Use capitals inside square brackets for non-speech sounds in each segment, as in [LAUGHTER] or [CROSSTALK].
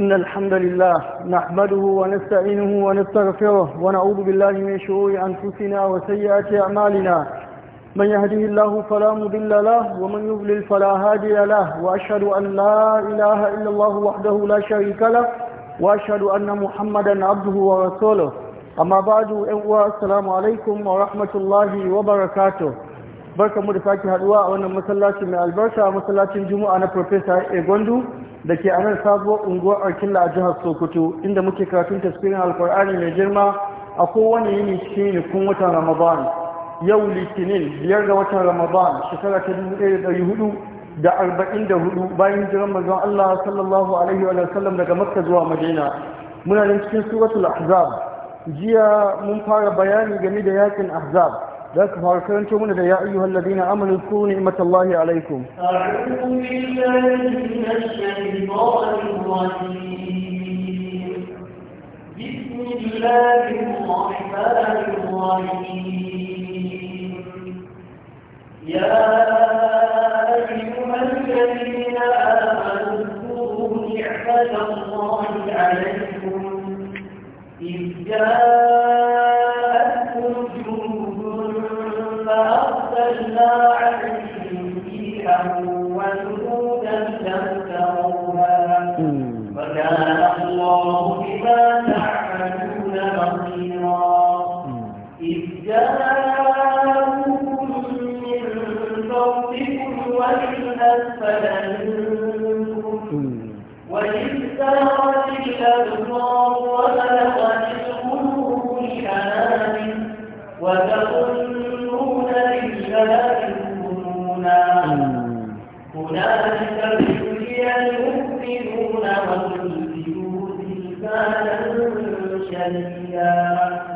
إن الحمد لله نحمده ونستعينه ونستغفره ونعوذ بالله من شرور أنفسنا وسيئات أعمالنا من يهده الله فلا مضل له ومن يضلل فلا هادي له وأشهد أن لا إله إلا الله وحده لا شريك له وأشهد أن محمدا عبده ورسوله أما بعد السلام عليكم ورحمة الله وبركاته barka mu da sake haduwa a wannan masallaci mai albarka masallacin juma'a na professor Egondu da ke a nan sabuwar unguwar arkilla a jihar sokoto inda muke karatun tafsirin alkur'ani mai girma a kowane yini shine kun watan ramadan yau litinin biyar ga watan ramadan shekara ta dubu ɗaya da hudu da arba'in da hudu bayan jiran manzon allah sallallahu alaihi wa sallam daga makka zuwa madina muna nan cikin suratul ahzab jiya mun fara bayani game da yakin ahzab ذاك بارك تو يا ايها الذين امنوا نعمه الله عليكم اعوذ بالله من الشيطان بسم الله الرحمن الرحيم يا ايها الذين امنوا اذكروا نعمه الله عليكم اذ جاءتكم جنود فأرسلنا عليهم ريحا وجنودا لم تروها وكان الله بما تعملون بصيرا إذ جاءوكم من فوقكم ومن أسفل منكم وإذ سارت الأبصار وبلغت القلوب الحنان وتظن يؤمنون هنالك ابتلي المؤمنون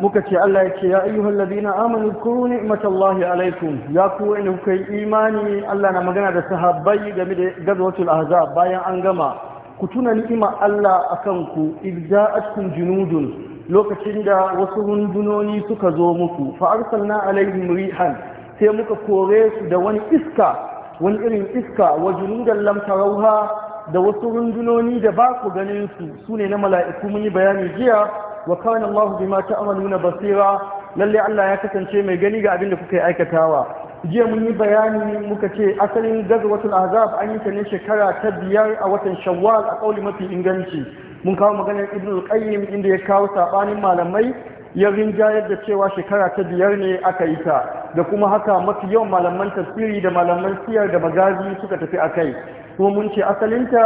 muka ce Allah ya ce ya ayyuhal ladina amanu kuru ni'matallahi alaikum ya ku wanda kuka yi imani Allah na magana da sahabbai game da gazwatul ahzab bayan an gama ku tuna ni'ima Allah akan ku idza'atkum junudun lokacin da wasu rundunoni suka zo muku fa arsalna alaihim rihan sai muka kore su da wani iska wani irin iska wa jirgin lamtarauha da wasu rundunoni da ba ku ganin su ne na mala'iku mun yi bayani jiya wa kana ta bima na basira lalle Allah ya kasance mai gani ga abin da kuka yi aikatawa jiya mun yi bayani muka ce asalin gazwatul Ahazab an yi ta ne shekara ta biyar a watan shawwal a kauli mafi inganci mun kawo maganar ibnu qayyim inda ya kawo saɓanin malamai ya rinjayar da cewa shekara ta biyar ne aka yi ta da kuma haka mafi yawan malaman tafsiri da malaman siyar da magazi suka tafi a kai kuma mun ce asalinta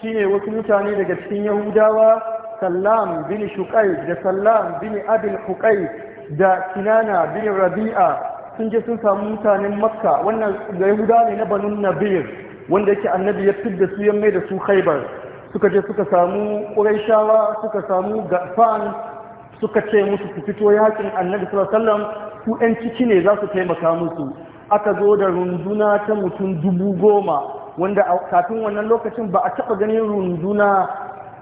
shine wasu mutane daga cikin yahudawa sallam bin shukai da sallam bin abin hukai da kinana bin rabi'a sun je sun samu mutanen makka wannan da yahuda ne na banun nabir wanda yake annabi ya da su Yammai da su khaibar suka je suka samu ƙuraishawa suka samu gafan suka ce musu su fito yakin annabi sallallahu alaihi wasallam ku ɗan ciki ne za su taimaka musu aka zo da runduna ta mutum dubu goma wanda kafin wannan lokacin ba a taɓa ganin runduna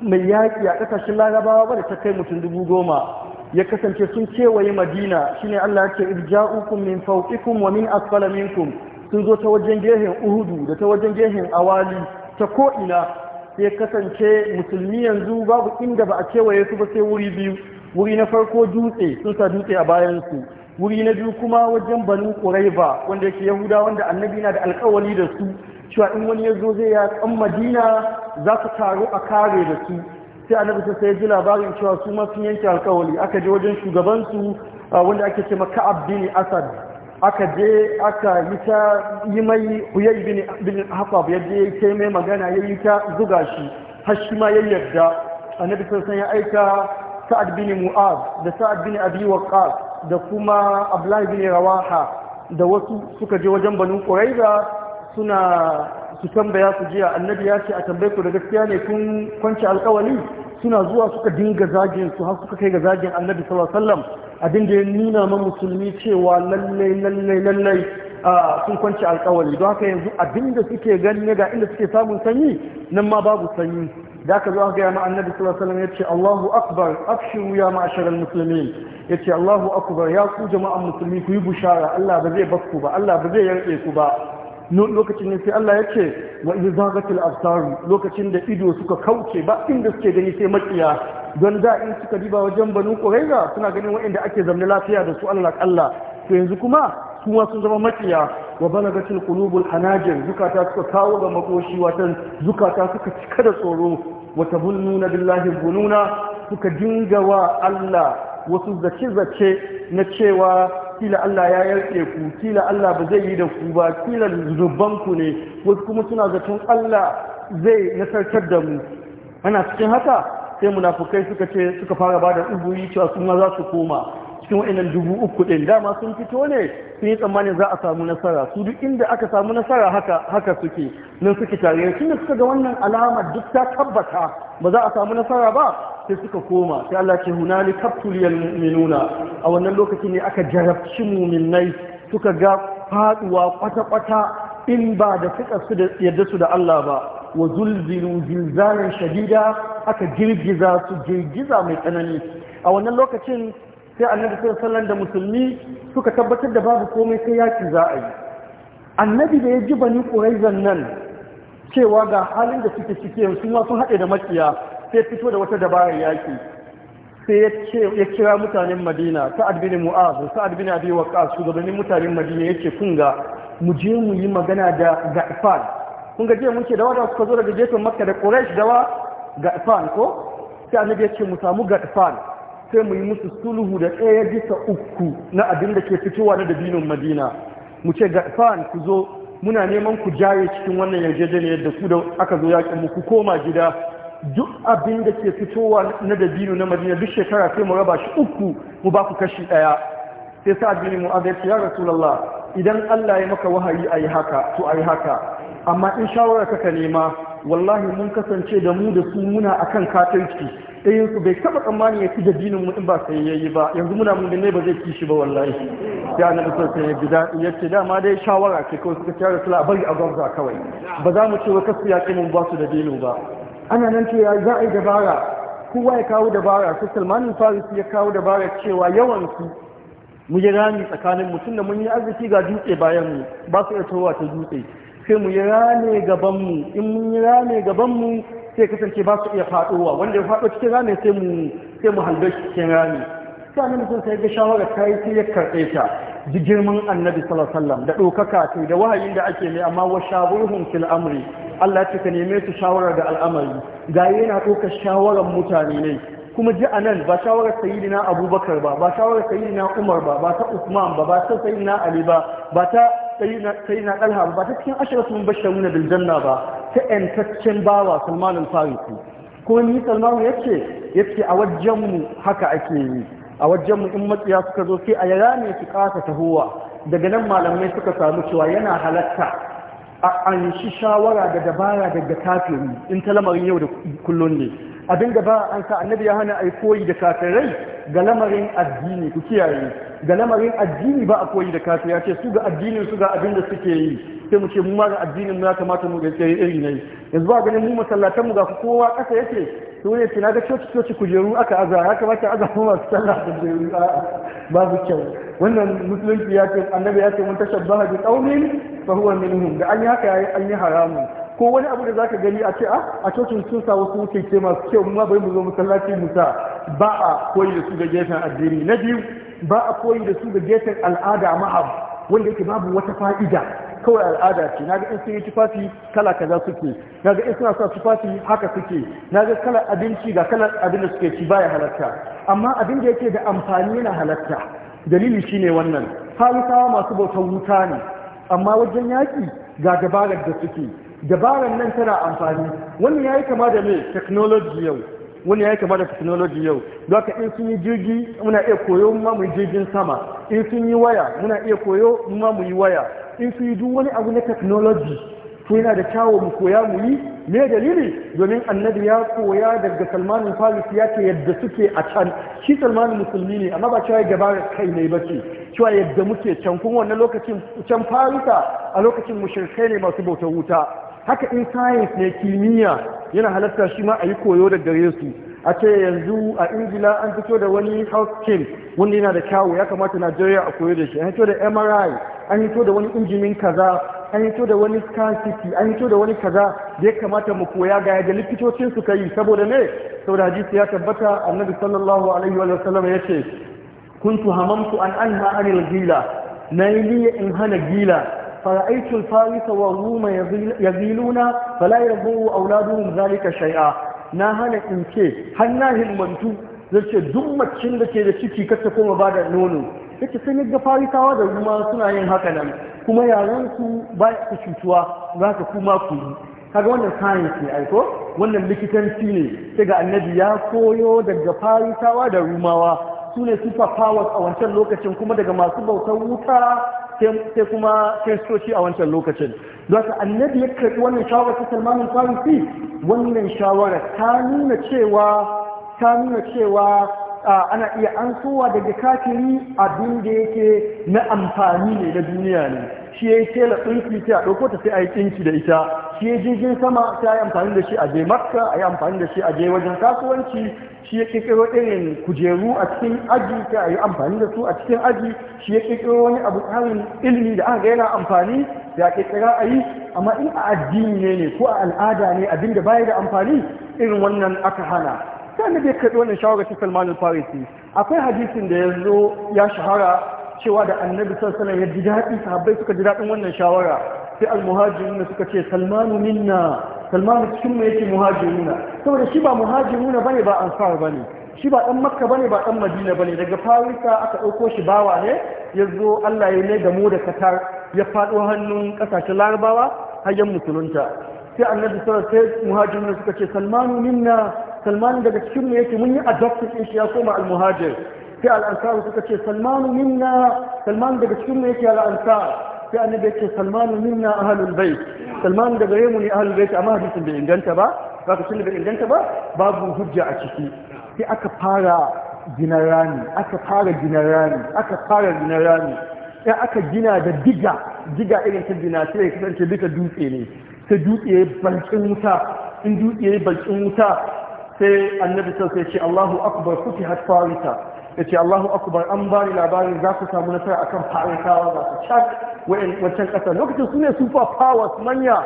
mai yaƙi a ƙasashen larabawa ba da ta kai mutum dubu goma ya kasance sun kewaye madina shine allah ya ce irja'ukum min fawqikum wa min asfala sun zo ta wajen gehen uhudu da ta wajen gehen awali ta ko'ina sai kasance musulmi yanzu babu inda ba a kewaye su ba sai wuri biyu wuri na farko dutse sun sa dutse a bayansu wuri na biyu kuma wajen banu ƙuraiba wanda yake yahuda wanda annabi na da alkawali da su cewa in wani ya zo zai ya kan madina za su taru a kare da su sai annabi ta sai ji labarin cewa su ma sun yanke alkawali aka je wajen shugabansu wanda ake ce ka'ab bin asad aka je aka yi ta yi mai huyai bin hafab ya ya yi mai magana ya yi ta zuga shi har shi ma ya yarda annabi sai ya aika sa'ad bin mu'az da sa'ad bin abi waqqas da kuma abdullah bin rawaha da wasu suka je wajen banu quraiza suna su tambaya su jiya annabi ya ce a tambayi ku da gaskiya ne kun kwanci alkawali suna zuwa suka dinga zagin su har suka kai ga zagin annabi sallallahu alaihi wasallam abin da ya nuna ma musulmi cewa lallai lallai lallai sun kwanci alkawali don haka yanzu abin da suke gani ga inda suke samun sanyi nan ma babu sanyi da aka zo aka gaya ma annabi sallallahu alaihi wasallam yace Allahu akbar abshiru ya ma'ashar almuslimin yace Allahu akbar ya ku jama'an musulmi ku yi bushara Allah ba zai bakku ba Allah ba zai yarke ku ba lokacin ne sai Allah yace wa izagatil absar lokacin da ido suka kauce ba inda suke gani sai makiya don da in suka diba wajen banu quraiza suna ganin waɗanda ake zamne lafiya da su Allah Allah to yanzu kuma su ma sun zama makiya wa balagatil qulubul hanajir zukata suka kawo ga makoshi watan zukata suka cika da tsoro wata hulnuna billahi bununa suka dinga wa Allah wasu zace-zace na cewa kila Allah ya yarke ku kila Allah ba zai yi da ku ba kila zubban ku ne wasu kuma suna zaton Allah zai nasartar da mu ana cikin haka sai munafukai suka ce suka fara bada ubuyi cewa su ma za su koma cikin wa'annan dubu uku ɗin dama sun fito ne sun yi tsammanin za a samu nasara su duk inda aka samu nasara haka haka suke nan suke tare shi, da suka ga wannan alamar duk ta tabbata ba za a samu nasara ba sai suka koma sai Allah ce hunali kaptuliyal mu'minuna a wannan lokacin ne aka jarabci mu'minnai suka ga faduwa kwata-kwata in ba da suka da yadda su da Allah ba wa zulzilu zilzalan shadida aka girgiza su girgiza mai tsanani a wannan lokacin sai annabi sallan da musulmi suka tabbatar da babu komai sai yaki za a yi annabi da ya ji bani quraizan nan cewa ga halin da suke ciki yanzu ma sun haɗe da makiya sai fito da wata dabarar yaki sai ya ce ya kira mutanen Madina Sa'ad bin Mu'az Sa'ad bin Abi Waqqas shugabannin mutanen Madina yace kun ga mu je mu yi magana da Ga'fan kun ga je mun ce da wanda suka zo daga gefen Makka da Quraysh dawa Ga'fan ko sai annabi ya ce mu samu Ga'fan sai mu yi musu sulhu da ɗaya bisa uku na abin da ke fitowa na dabinin madina mu ce ga ku zo muna neman ku jaye cikin wannan yarjejeniyar da ku da aka zo yaƙin mu ku koma gida duk abin da ke fitowa na dabino na madina duk shekara sai mu raba shi uku mu ba ku kashi ɗaya sai sa mu mu ya rasu ya idan Allah ya maka wahayi ayi haka to ayi haka amma in shawara ka nema wallahi mun kasance da mu da su muna akan katirci sayin ku bai taɓa tsammani ya ci da dinin mu in ba sai yayi ba yanzu muna mun ne ba zai ci shi ba wallahi ya annabi sallallahu alaihi wasallam ya ce dama dai shawara ce kawai suka tare sala bari a gwamza kawai ba za mu ce wa kasu ya kimin ba su da dinin ba ana nan ce za a yi dabara kowa ya kawo dabara su salmanin farisi ya kawo dabara cewa yawan su mu yi rami tsakanin mutum da mun yi arziki ga dutse bayan mu ba su iya towa ta dutse sai mu yi rame gaban mu in mun yi rame gaban mu sai kasance ba su iya faɗowa wanda ya faɗo cikin rami sai mu sai mu halbe cikin rami sai annabi sun sai ga shawara ta yi sai ya karɓe ta ji girman annabi sallallahu alaihi wasallam da ɗaukaka ta da wahayin da ake mai amma wa shawurhum fil amri Allah ya ka neme su shawara da al'amari ga yana ɗaukar shawaran mutane ne kuma ji a nan ba shawarar sayidina abubakar ba ba shawarar sayidina umar ba ba ta usman ba ba ta Sayyidina ali ba ba ta sayidina talha ba ba ta cikin ashirin sun ashiratun basharuna bil janna ba ta ‘yantaccen bawa salmanin farisi ko ni salmanu ya ce ya ce a wajenmu haka ake yi a wajenmu in matsiya suka zo sai a yara ne su kasa tahowa daga nan malamai suka samu cewa yana halatta a an shi shawara da dabara daga kafiri in ta lamarin yau da kullum ne abin da ba an sa annabi ya hana yi koyi da kafirai ga lamarin addini ku kiyaye ga lamarin addini ba a koyi da kafirai ya ce su ga addinin su ga abin da suke yi sai mu ce mu ma ga addinin ya kamata mu gaskiya iri ne yanzu ba ganin mu masallatan mu ga kowa kasa yake to ne ce naga coci coci kujeru aka aza ya kamata aza mu masu sallah ba babu kyau wannan musulunci ya ce annabi ya ce mun tashabbaha bi qaumin fa huwa minhum da an yi haka an yi haramun ko wani abu da zaka gani a ce a ah, a cocin sun sa wasu ce masu kyau mu bai mu zo masallaci mu sa ba a koyi da su da gefen addini na biyu ba a koyi da su da gefen al'ada ma'ab wanda yake babu wata fa'ida kawai al'ada ce Na ga in sun yi tufafi kala kaza suke ga in suna sa tufafi haka suke ga kala abinci ga kala abin da suke ci baya halatta amma abin da yake da amfani yana halatta dalili shine wannan halittawa masu bautar wuta ne amma wajen yaki ga dabarar da suke dabarar nan tana amfani wani yi kama da me technology yau wani ya yi kama da technology yau Za ka in sun yi jirgi muna iya koyo ma mu jirgin sama in sun yi waya muna iya koyo ma mu yi waya in su yi duk wani abu na technology to yana da kyawun mu koya mu yi me dalili domin annabi ya koya daga salmanin falis ya ce yadda suke a can shi salmanin musulmi ne amma ba cewa gaba kai ne ba ce cewa yadda muke can kuma wannan lokacin can farisa a lokacin mushrikai ne masu bautar wuta haka in science ne kimiyya yana halatta shi ma a yi koyo daga gare su a ce yanzu a ingila an fito da wani health scheme wanda yana da kyawu ya kamata najeriya a koyo da shi an fito da mri an fito da wani injimin kaza an fito da wani scan city an fito da wani kaza da ya kamata mu koya ga yadda likitocin suka yi saboda ne saboda hadisi ya tabbata annabi sallallahu alaihi wa sallam ya ce kuntu hamamtu an anha anil gila na yi niyya in hana gila فرأيت الفارس والروم يغيلون فلا يضر أولادهم zalika shai'a. na hana in ce har na himmantu zai ce duk macin da ke da ciki kar ta koma ba da nono yake sun ga farisawa da ruma suna yin haka nan kuma yaran su ba su cutuwa za ka kuma ku yi kaga wannan science ne aiko wannan likitanci ne sai ga annabi ya koyo daga farisawa da rumawa su ne super powers a wancan lokacin kuma daga masu bautar wuta sai kuma kiristoci a wancan lokacin zaka annabi ya karbi wannan shawarar ta salmanin farisi wannan shawarar ta nuna cewa ta nuna cewa ana iya ansuwa daga kafiri abin da yake na amfani ne na duniya ne shi ya yi tela tsinki sai a ɗauko ta sai a yi tsinki da ita shi ya jirgin sama sai a yi amfani da shi a je makka a yi amfani da shi a je wajen kasuwanci shi ya irin kujeru a cikin aji sai a yi amfani da su a cikin aji shi ya wani abu tsarin ilimi da aka ga yana amfani ya ƙirƙira a yi amma in a addini ne ne ko a al'ada ne abin da baya da amfani irin wannan aka hana sai na bai kaɗi wannan shawarar cikin salman farisi akwai hadisin da ya zo ya shahara cewa da annabi sallallahu alaihi wasallam ya ji daɗi sahabbai suka ji daɗin wannan shawara sai al almuhajiruna suka ce salmanu minna salmanu cikin mu yake muhajiruna saboda shi ba muhajirin bane ba ansar bane shi ba dan makka bane ba dan madina bane daga farisa aka ɗauko shi bawa ne yazo Allah ya nai da mu da katar ya faɗo hannun ƙasashen larabawa hayyan musulunta sai annabi sallallahu alaihi wasallam muhajiruna suka ce salmanu minna salmanu daga cikin mu yake mun yi adoption din shi ya koma almuhajir sai al'ansar suka ce salmanu minna salman daga cikin mu yake al'ansar sai annabi yake salmanu minna ahlul bait salman daga yemu ne ahlul bait amma hadisin bai inganta ba ba zaka tunda bai inganta ba babu hujja a ciki sai aka fara gina rami aka fara gina rami aka fara gina rami sai aka gina da diga diga irin ta gina sai ya kasance bisa dutse ne sai dutse ya balcin wuta in dutse ya balcin wuta sai annabi sai ce Allahu akbar futihat farisa ya ce Allahu akubar an bani labarin za su samu nasara akan fa'aikawa za su cak wancan ƙasa lokacin su ne super powers manya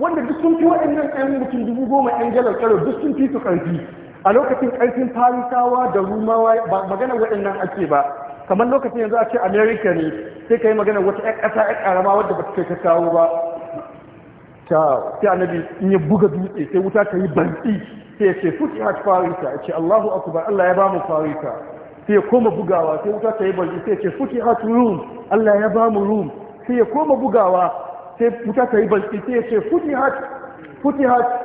wanda duk sun fi waɗannan ɗan mutum dubu goma ɗan jalar karo duk sun fi su ƙarfi a lokacin ƙarfin farisawa da rumawa ba magana waɗannan ake ba kamar lokacin yanzu a ce america ne sai ka yi magana wata ƴan ƙasa ƴan ƙarama wadda ba ta kai ka kawo ba ta sai annabi in ya buga dutse sai wuta ta yi bantsi sai ya ce fuki hat farisa ya ce allahu akubar allah ya ba mu farisa sai ya koma bugawa sai wuta ta yi barci sai ce suke hat rum Allah ya ba mu rum sai ya koma bugawa sai wuta ta yi barci sai ya ce suke hat suke hatu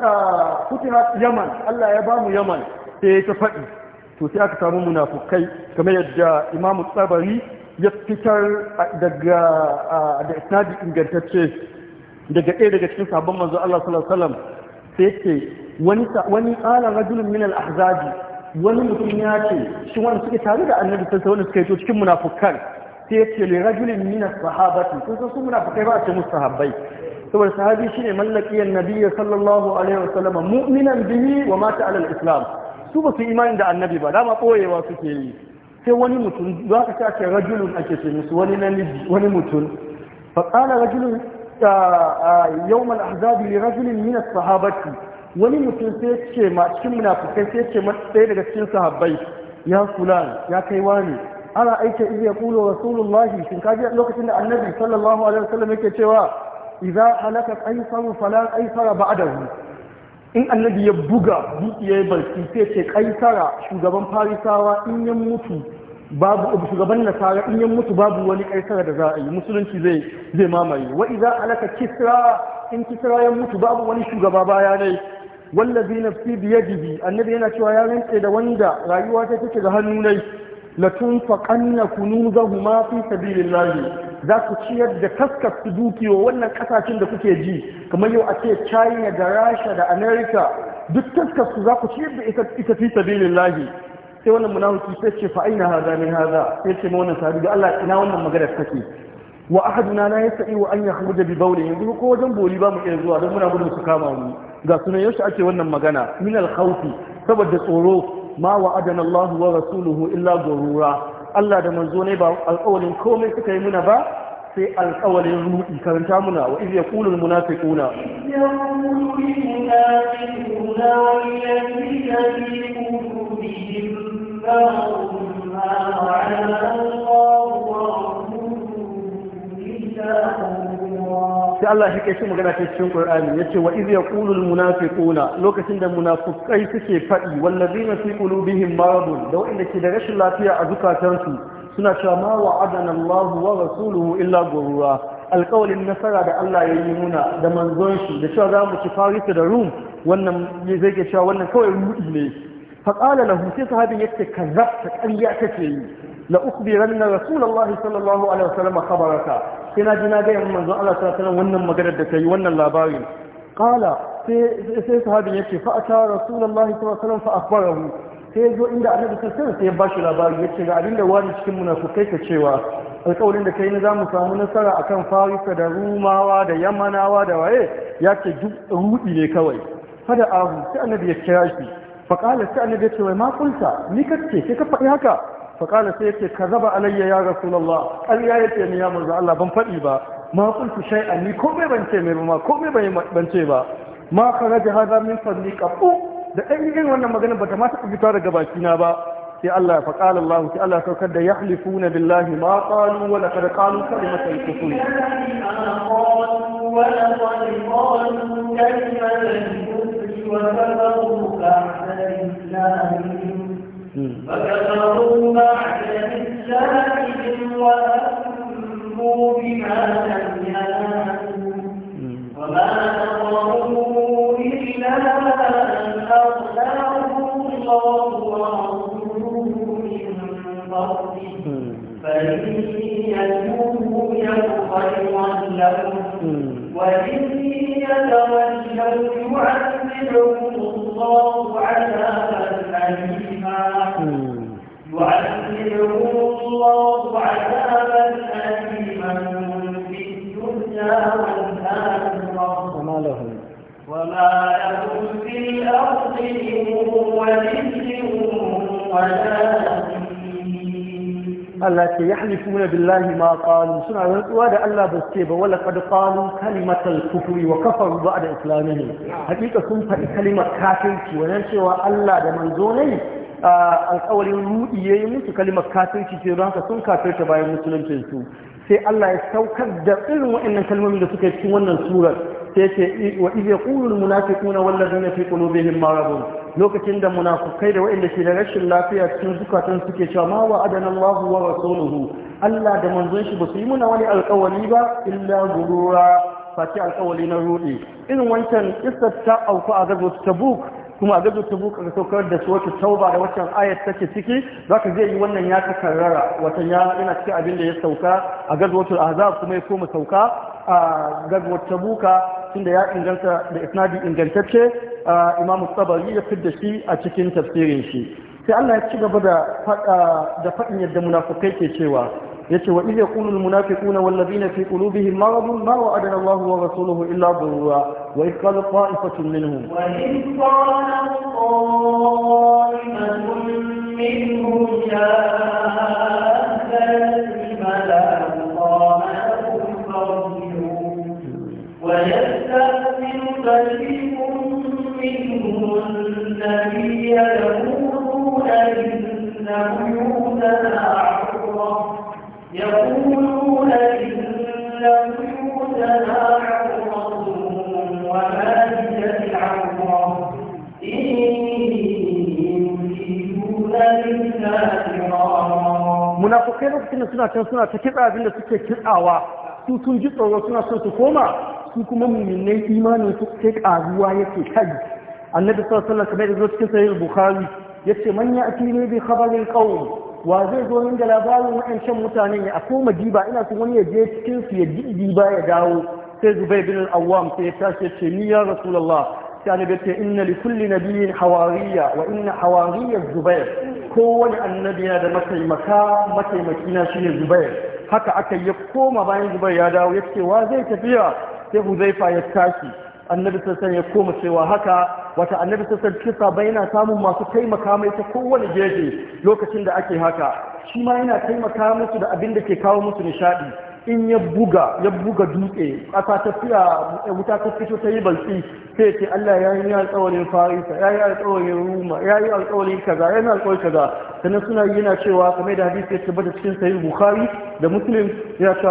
suke hatu yaman Allah ya ba mu yaman sai ya ta faɗi to sai aka samu munafukai kamar yadda Imam Tsabari ya fitar daga da isnadi ingantacce daga ɗaya daga cikin sabon manzo Allah sallallahu alaihi wasallam sai ce wani wani qala rajulun min al-ahzabi wani mutum ya ce shi wani suke tare da annabi sai wanda suka yi cikin munafukan sai ya ce lirajulin min as-sahabati sun san su munafukai ba a ce musu sahabbai saboda sahabi shine mallakiyan nabiyyi sallallahu alaihi wasallam mu'minan bihi wa mata ala al-islam su ba su imani da annabi ba dama koyewa suke yi sai wani mutum za ka sa ce rajulun ake ce musu wani namiji wani mutum fa qala rajulun yawm al-ahzab li rajulin min as-sahabati wani mutum sai ce ma cikin munafukai sai ce ma sai daga cikin sahabbai ya fulan ya kai wani ana aika iya ya kulo rasulullahi shin ka ji lokacin da annabi sallallahu alaihi wasallam yake cewa idza halaka qaisaru fala qaisara ba'dahu in annabi ya buga ya yi barci sai ce kaisara shugaban farisawa in ya mutu babu shugaban nasara in ya mutu babu wani kaisara da za a yi musulunci zai zai mamaye wa idza halaka kisra in kisra ya mutu babu wani shugaba baya ne wallazi nafsi biyadihi annabi yana cewa ya rantse da wanda rayuwa ta take ga hannu nai latun faqanna kunuzahuma fi sabilillah za ku ciyar da kaskar dukiyo wannan kasashen da kuke ji kamar yau a ce China da Rasha da America duk taskar su za ku ciyar da ita ita fi sabilillah sai wannan munafiki sai ce fa aina hada min hada sai ce ma wannan sahabi Allah ina wannan magana take wa ahaduna la yastati wa an yakhruja bi bawli yanzu ko wajen boli ba mu iya zuwa don muna gudun su kama mu ga sunan yaushe ake wannan magana min al khawfi saboda tsoro ma wa adana Allah wa rasuluhu illa gurura Allah da manzo ne ba alƙawalin komai suka yi muna ba sai alƙawalin ruɗi karanta muna wa iz yaqulu munafiquna yaqulu al munafiquna alladhina fi qulubihim ma wa ala Allah sai Allah shi kai shi magana ta cikin Qur'ani yace wa iz yaqulu almunafiquna lokacin da munafikai suke fadi wallazina fi qulubihim maradun da wanda ke da rashin lafiya a zukatansu suna cewa ma wa'adana Allahu wa rasuluhu illa ghurura alƙawalin nasara da Allah ya yi muna da manzon shi da cewa za mu ci Farisa da Rum wannan zai ke cewa wannan kawai rudi ne faqala lahu sai sahabin yace kazzabta ƙarya kake yi la ukhbiranna rasulullahi sallallahu alaihi wasallam khabaraka sai na ji na ga yamma manzon Allah sallallahu wannan maganar da yi wannan labarin qala sai sai sahabin yace fa ata rasulullahi sallallahu alaihi wasallam fa akhbarahu sai zo inda annabi sallallahu alaihi sai ya bashi labari ce ga abinda wani cikin kai ka cewa alƙawarin da kai za zamu samu nasara akan farisa da rumawa da yamanawa da waye yace duk rudi ne kawai fada ahu sai annabi ya kira shi fa qala sai annabi ya ce wai ma kulta ni kace sai ka faɗi haka faƙala sai yace ka zaba alayya ya rasulallah rasulullah ya yace ni ya manzo Allah ban faɗi ba ma kuntu shay'an ni komai ban ce mai ba komai ban ce ba ma kharaja hadha min fadli qabu da ɗan irin wannan magana ba ta ma taɓa fita daga na ba sai Allah ya faƙala Allah sai Allah ya saukar da yahlifuna billahi ma qalu wa laqad qalu kalimatan kufur وَلَقَدْ فكفروا بعد إسلامهم وأمروا بما لم وما نظروا إلا أن أغناهم الله ورسوله من فضله فإن يتوبوا خيرا لهم وإن يتولوا يعذبهم الله عذابا أليما يعذبهم الله عذابا أليما في الدنيا Allah ce ya na billahi ma qalu suna rantsuwa da Allah ba ce ba wala qad qalu kalimatal kufri wa kafaru ba'da islamihim hakika sun faɗi kalimar kafirci wannan cewa Allah da manzo ne alƙawarin rudi yayi musu kalimar kafirci ce don haka sun kafirta bayan musuluncin su sai Allah ya saukar da irin waɗannan kalmomin da suka yi cikin wannan surar sai ce wa idza qulul munafiquna wallazina fi qulubihim maradun lokacin da munafukai da waɗanda ke da rashin lafiya cikin zukatan suke cewa ma wa adana Allahu wa rasuluhu Allah da manzon shi ba su yi muna wani alƙawari ba illa gurura fati alƙawari na rudi irin wancan kissar ta auku a gazo Tabuk kuma a gazo Tabuk aka saukar da su wata tauba da waccan ayat take ciki zaka zai yi wannan ya ta karrara wata ya yana cikin abin da ya sauka a gazo Ahzab kuma ya koma sauka a gazwar tabuka tunda ya inganta da isnadi ingantacce imamu tabari ya da shi a cikin tafsirin shi sai Allah ya ci gaba da da faɗin yadda munafukai ke cewa yace wa idza qulul munafiquna wal na fi qulubihim maradun ma wa'adana Allahu wa rasuluhu illa wa idh qala qa'ifatun wa in qala qa'ifatun minhum ya فريق منهم النبي يقولون إن بيوتنا عورة يقولون إن بيوتنا عورة وما هي بعورة إن يريدون إلا munafukai lokacin da suna can suna ta kitsa abin da suke kitsawa su sun ji tsoro suna so su koma su kuma muminai imanin su sai karuwa yake kai annabi sallallahu alaihi wasallam da cikin sahih bukhari yace man ya'ti ne bi khabaril qawm wa zai zo min da labarin wa'ancan mutanen ya ako madiba ina so wani ya je cikin su ya diba ya dawo sai zubair bin al-awwam sai ya tashi yace ni ya rasulullah sai annabi yace inna li kulli nabiyyin hawariya wa inna hawariya zubair kowane annabi yana da mataimaka mataimaki na shine zubair haka aka yi koma bayan zubair ya dawo yace wa zai tafiya sai huzaifa ya tashi annabi sassan ya koma cewa haka wata annabi sassan kisa bai yana samun masu taimaka mai ta kowane gefe lokacin da ake haka shi ma yana taimaka musu da abin da ke kawo musu nishaɗi in ya buga ya buga dutse kasa tafiya, fiya eh, wuta ta fito ta yi balki sai ce Allah ya yi alƙawarin Farisa ya yi alƙawarin Roma ya yi alƙawarin kaza ya yi alƙawarin kaza sannan suna yana cewa kamar da hadisi ya tabbata cikin sahih Bukhari da Muslim ya ce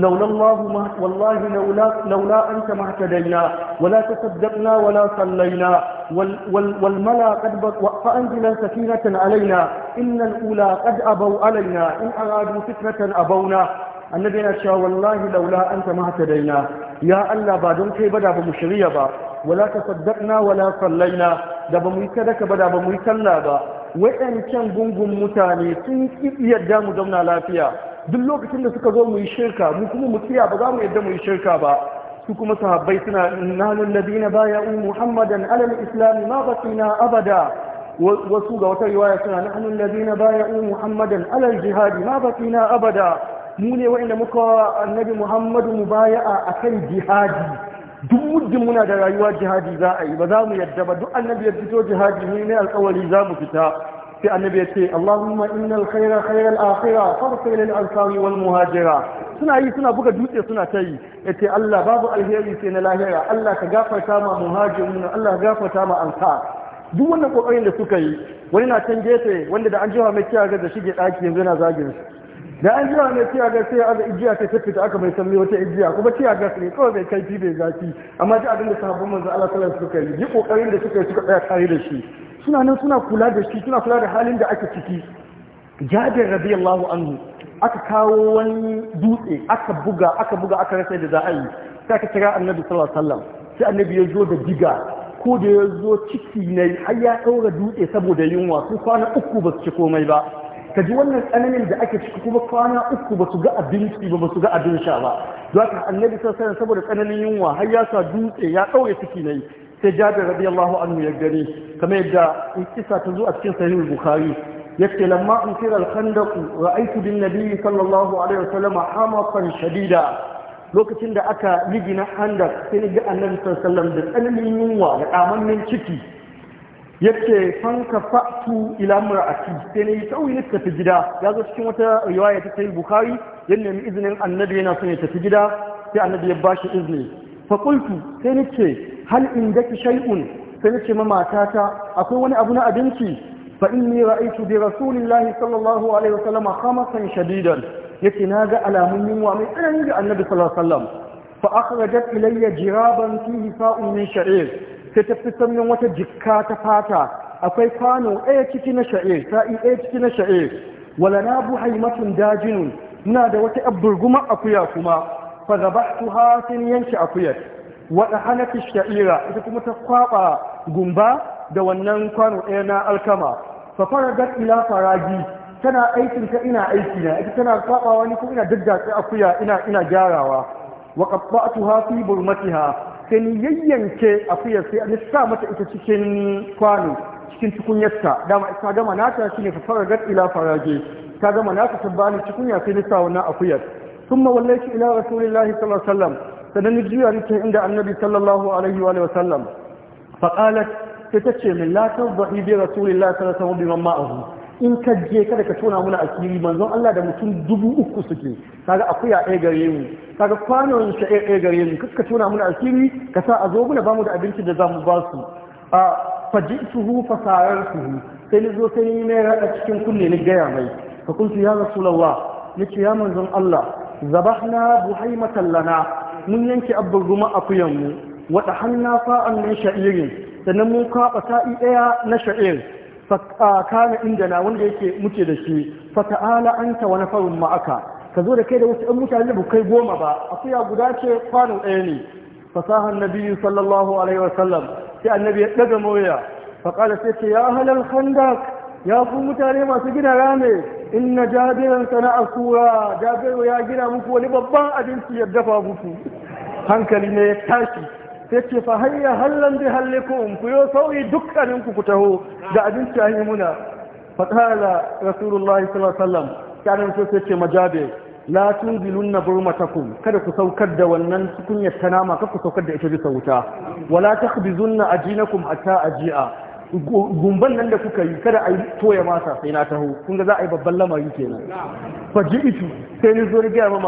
laulallahu wallahi laula laula anta mahtadayna wala tasaddaqna wala sallaina wal mala qad fa anzila sakinatan alaina innal ula qad abaw alaina in aradu fikratan abawna annabi yana cewa wallahi laula anta ma daina. ya Allah ba don kai ba da ba mu shirya ba wala tasaddaqna wala sallaina da ba mu yi sadaka ba da ba mu yi sallah ba waɗancan gungun mutane sun ki yadda mu zauna lafiya duk lokacin da suka zo mu yi shirka mu kuma mu tsiya ba za mu yadda mu yi shirka ba su kuma sahabbai suna nahnu alladhina Baya'u muhammadan alal islam ma batina abada wasu ga wata riwaya suna nahnu alladhina Baya'u muhammadan alal al-jihad ma batina abada mu ne wa'inda muka annabi muhammadu mu baya a kan jihadi duk muddin muna da rayuwa jihadi za a yi ba za mu yadda ba duk annabi ya fito jihadi ne ne alkawari za mu fita sai annabi ya ce Allahumma innal khayra khayral akhira farsil lil ansari wal muhajira suna yi suna buga dutse suna ta yi yace Allah babu alheri sai na lahira Allah ka gafarta ma muhajirin Allah ka gafarta ma ansar duk wannan kokarin da suka yi wani na can gefe wanda da an jiwa mai kiyaye da shige daki yanzu yana zagin da an jiwa ne tiya ga sai aga igiya ta tafi ta aka mai salli wata igiya kuma tiya gas ne kawai bai kaifi bai zafi amma ta abin da sahabban manzo Allah sallallahu alaihi suka yi yi kokarin da suka yi suka tsaya tare da shi suna nan suna kula da shi suna kula da halin da ake ciki Jabir radiyallahu anhu aka kawo wani dutse aka buga aka buga aka rasa da za a yi sai aka kira annabi sallallahu alaihi wasallam sai annabi ya zo da diga ko da ya zo ciki ne har ya ɗaura dutse saboda yunwa su kwana uku ba su ci komai ba ka ji wannan tsananin da ake ciki kuma kwana uku ba su ga abinci ba ba su ga abin sha ba don haka annabi sallallahu saboda tsananin yunwa har ya sa dutse ya ɗaure ciki nayi sai jabir radiyallahu anhu ya gani kamar yadda kisa ta zo a cikin sahih bukhari yace lamma umtira al-khandaq ra'aytu bin nabiy sallallahu alaihi wasallam hamaqan shadida lokacin da aka ligina handak sai ga annabi sallallahu alaihi wasallam da tsananin yunwa da kamannin ciki yace fanka fa'tu ila mar'ati sai ne sauyi ne tafi gida ya zo cikin wata riwaya ta sai bukhari yanda mi izinin annabi yana son ya tafi gida sai annabi ya shi izini fa qultu sai nace hal indaki shay'un sai nace ma matata akwai wani abu na abinci fa inni ra'aytu bi rasulillahi sallallahu alaihi wasallam khamasan shadidan yace naga alamun yunwa mai tsanani ga annabi sallallahu alaihi wasallam fa akhrajat ilayya jiraban fihi sa'un min sha'ir sai ta fi sannan wata jikka ta fata akwai kwano ɗaya ciki na sha'ir sa'i ɗaya ciki na sha'ir wala na bu haimatun dajinun muna da wata yar akuya kuma fa zabahtu ha yanke akuyar wada hanafi sha'ira ita kuma ta kwaba gumba da wannan kwano ɗaya na alkama fa faragat ila faragi tana aikin ta ina aiki na ita tana kwabawa ni kuma ina daddatsa akuya ina ina gyarawa wa qatta'tuha fi burmatiha sai ni yayyanke akuyar sai ni sa mata ita cikin kwano cikin tukunyarta dama ta gama nata shine fa faragat ila farage ta gama na ta bani tukunya sai ni sa wannan akuyar thumma wallahi ila rasulillahi sallallahu alaihi wasallam sannan ni juya ni inda annabi sallallahu alaihi wa sallam faqalat sai ta ce min la tadhi bi rasulillahi sallallahu alaihi wasallam bi man in ka je kada ka tona muna asiri manzon Allah da mutum dubu uku suke kaga akuya ɗaya gare mu kaga kwanon shi ɗaya gare mu kaska tona muna asiri ka sa a zo muna bamu da abinci da zamu ba su a fajituhu suhu, sai ni zo sai ni mai raɗa cikin kunne ni gaya mai fa kuntu ya rasulullah ce ya manzon Allah zabahna buhaimatan lana mun yanke abban guma akuyan mu wa tahanna fa'an min sha'irin sannan mun kwaɓa sa'i ɗaya na sha'ir kana indana wanda yake muke da shi fata'ala anta wa nafarun ma'aka ka zo da kai da wasu ɗan mutane ba kai goma ba akuya guda ce kwano ɗaya ne fasahar nabiyyu sallallahu alaihi sallam, sai annabi ya daga moya faƙala sai ce ya halal khandak ya ku mutane masu gina rame inna jabiran sana'a sura jabiru ya gina muku wani babban abinci ya dafa muku hankali ne ya tashi sai ce fa hayya hallan bi hallikum ku yo sauyi dukkanin ku ku taho abinci abin tahi muna fa qala rasulullahi sallallahu alaihi wasallam kana so sai ce majabe la tudilunna burmatakum kada ku saukar da wannan tukunyar ta nama kada ku saukar da ita bisa wuta wala takhbizunna ajinakum hatta aji'a gumban nan da kuka yi kada a yi toya masa sai na taho kun ga za a yi babban lamari kenan faji itu sai ni zo riga ma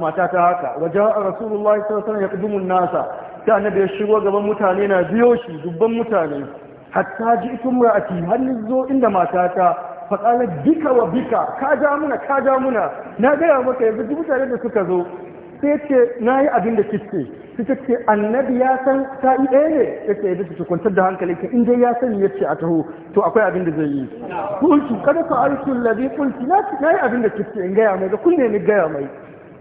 mata ta haka wajen a rasulullahi sallallahu alaihi wasallam ya nasa ta annabi ya shigo gaban mutane na biyo shi dubban mutane hatta ji itu mura'ati har ni zo inda matata faƙalar bika wa bika ka ja muna ka ja muna na gaya maka yanzu duk mutane da suka zo sai ce na yi abin da kike suka ce annabi ya san sa'i ɗaya ne ya ce yadda su kwantar da hankalinka in dai ya san ya ce a taho to akwai abin da zai yi kulki kada ka arkin labi kulki na yi abin da kike in gaya mai da kunne ni gaya mai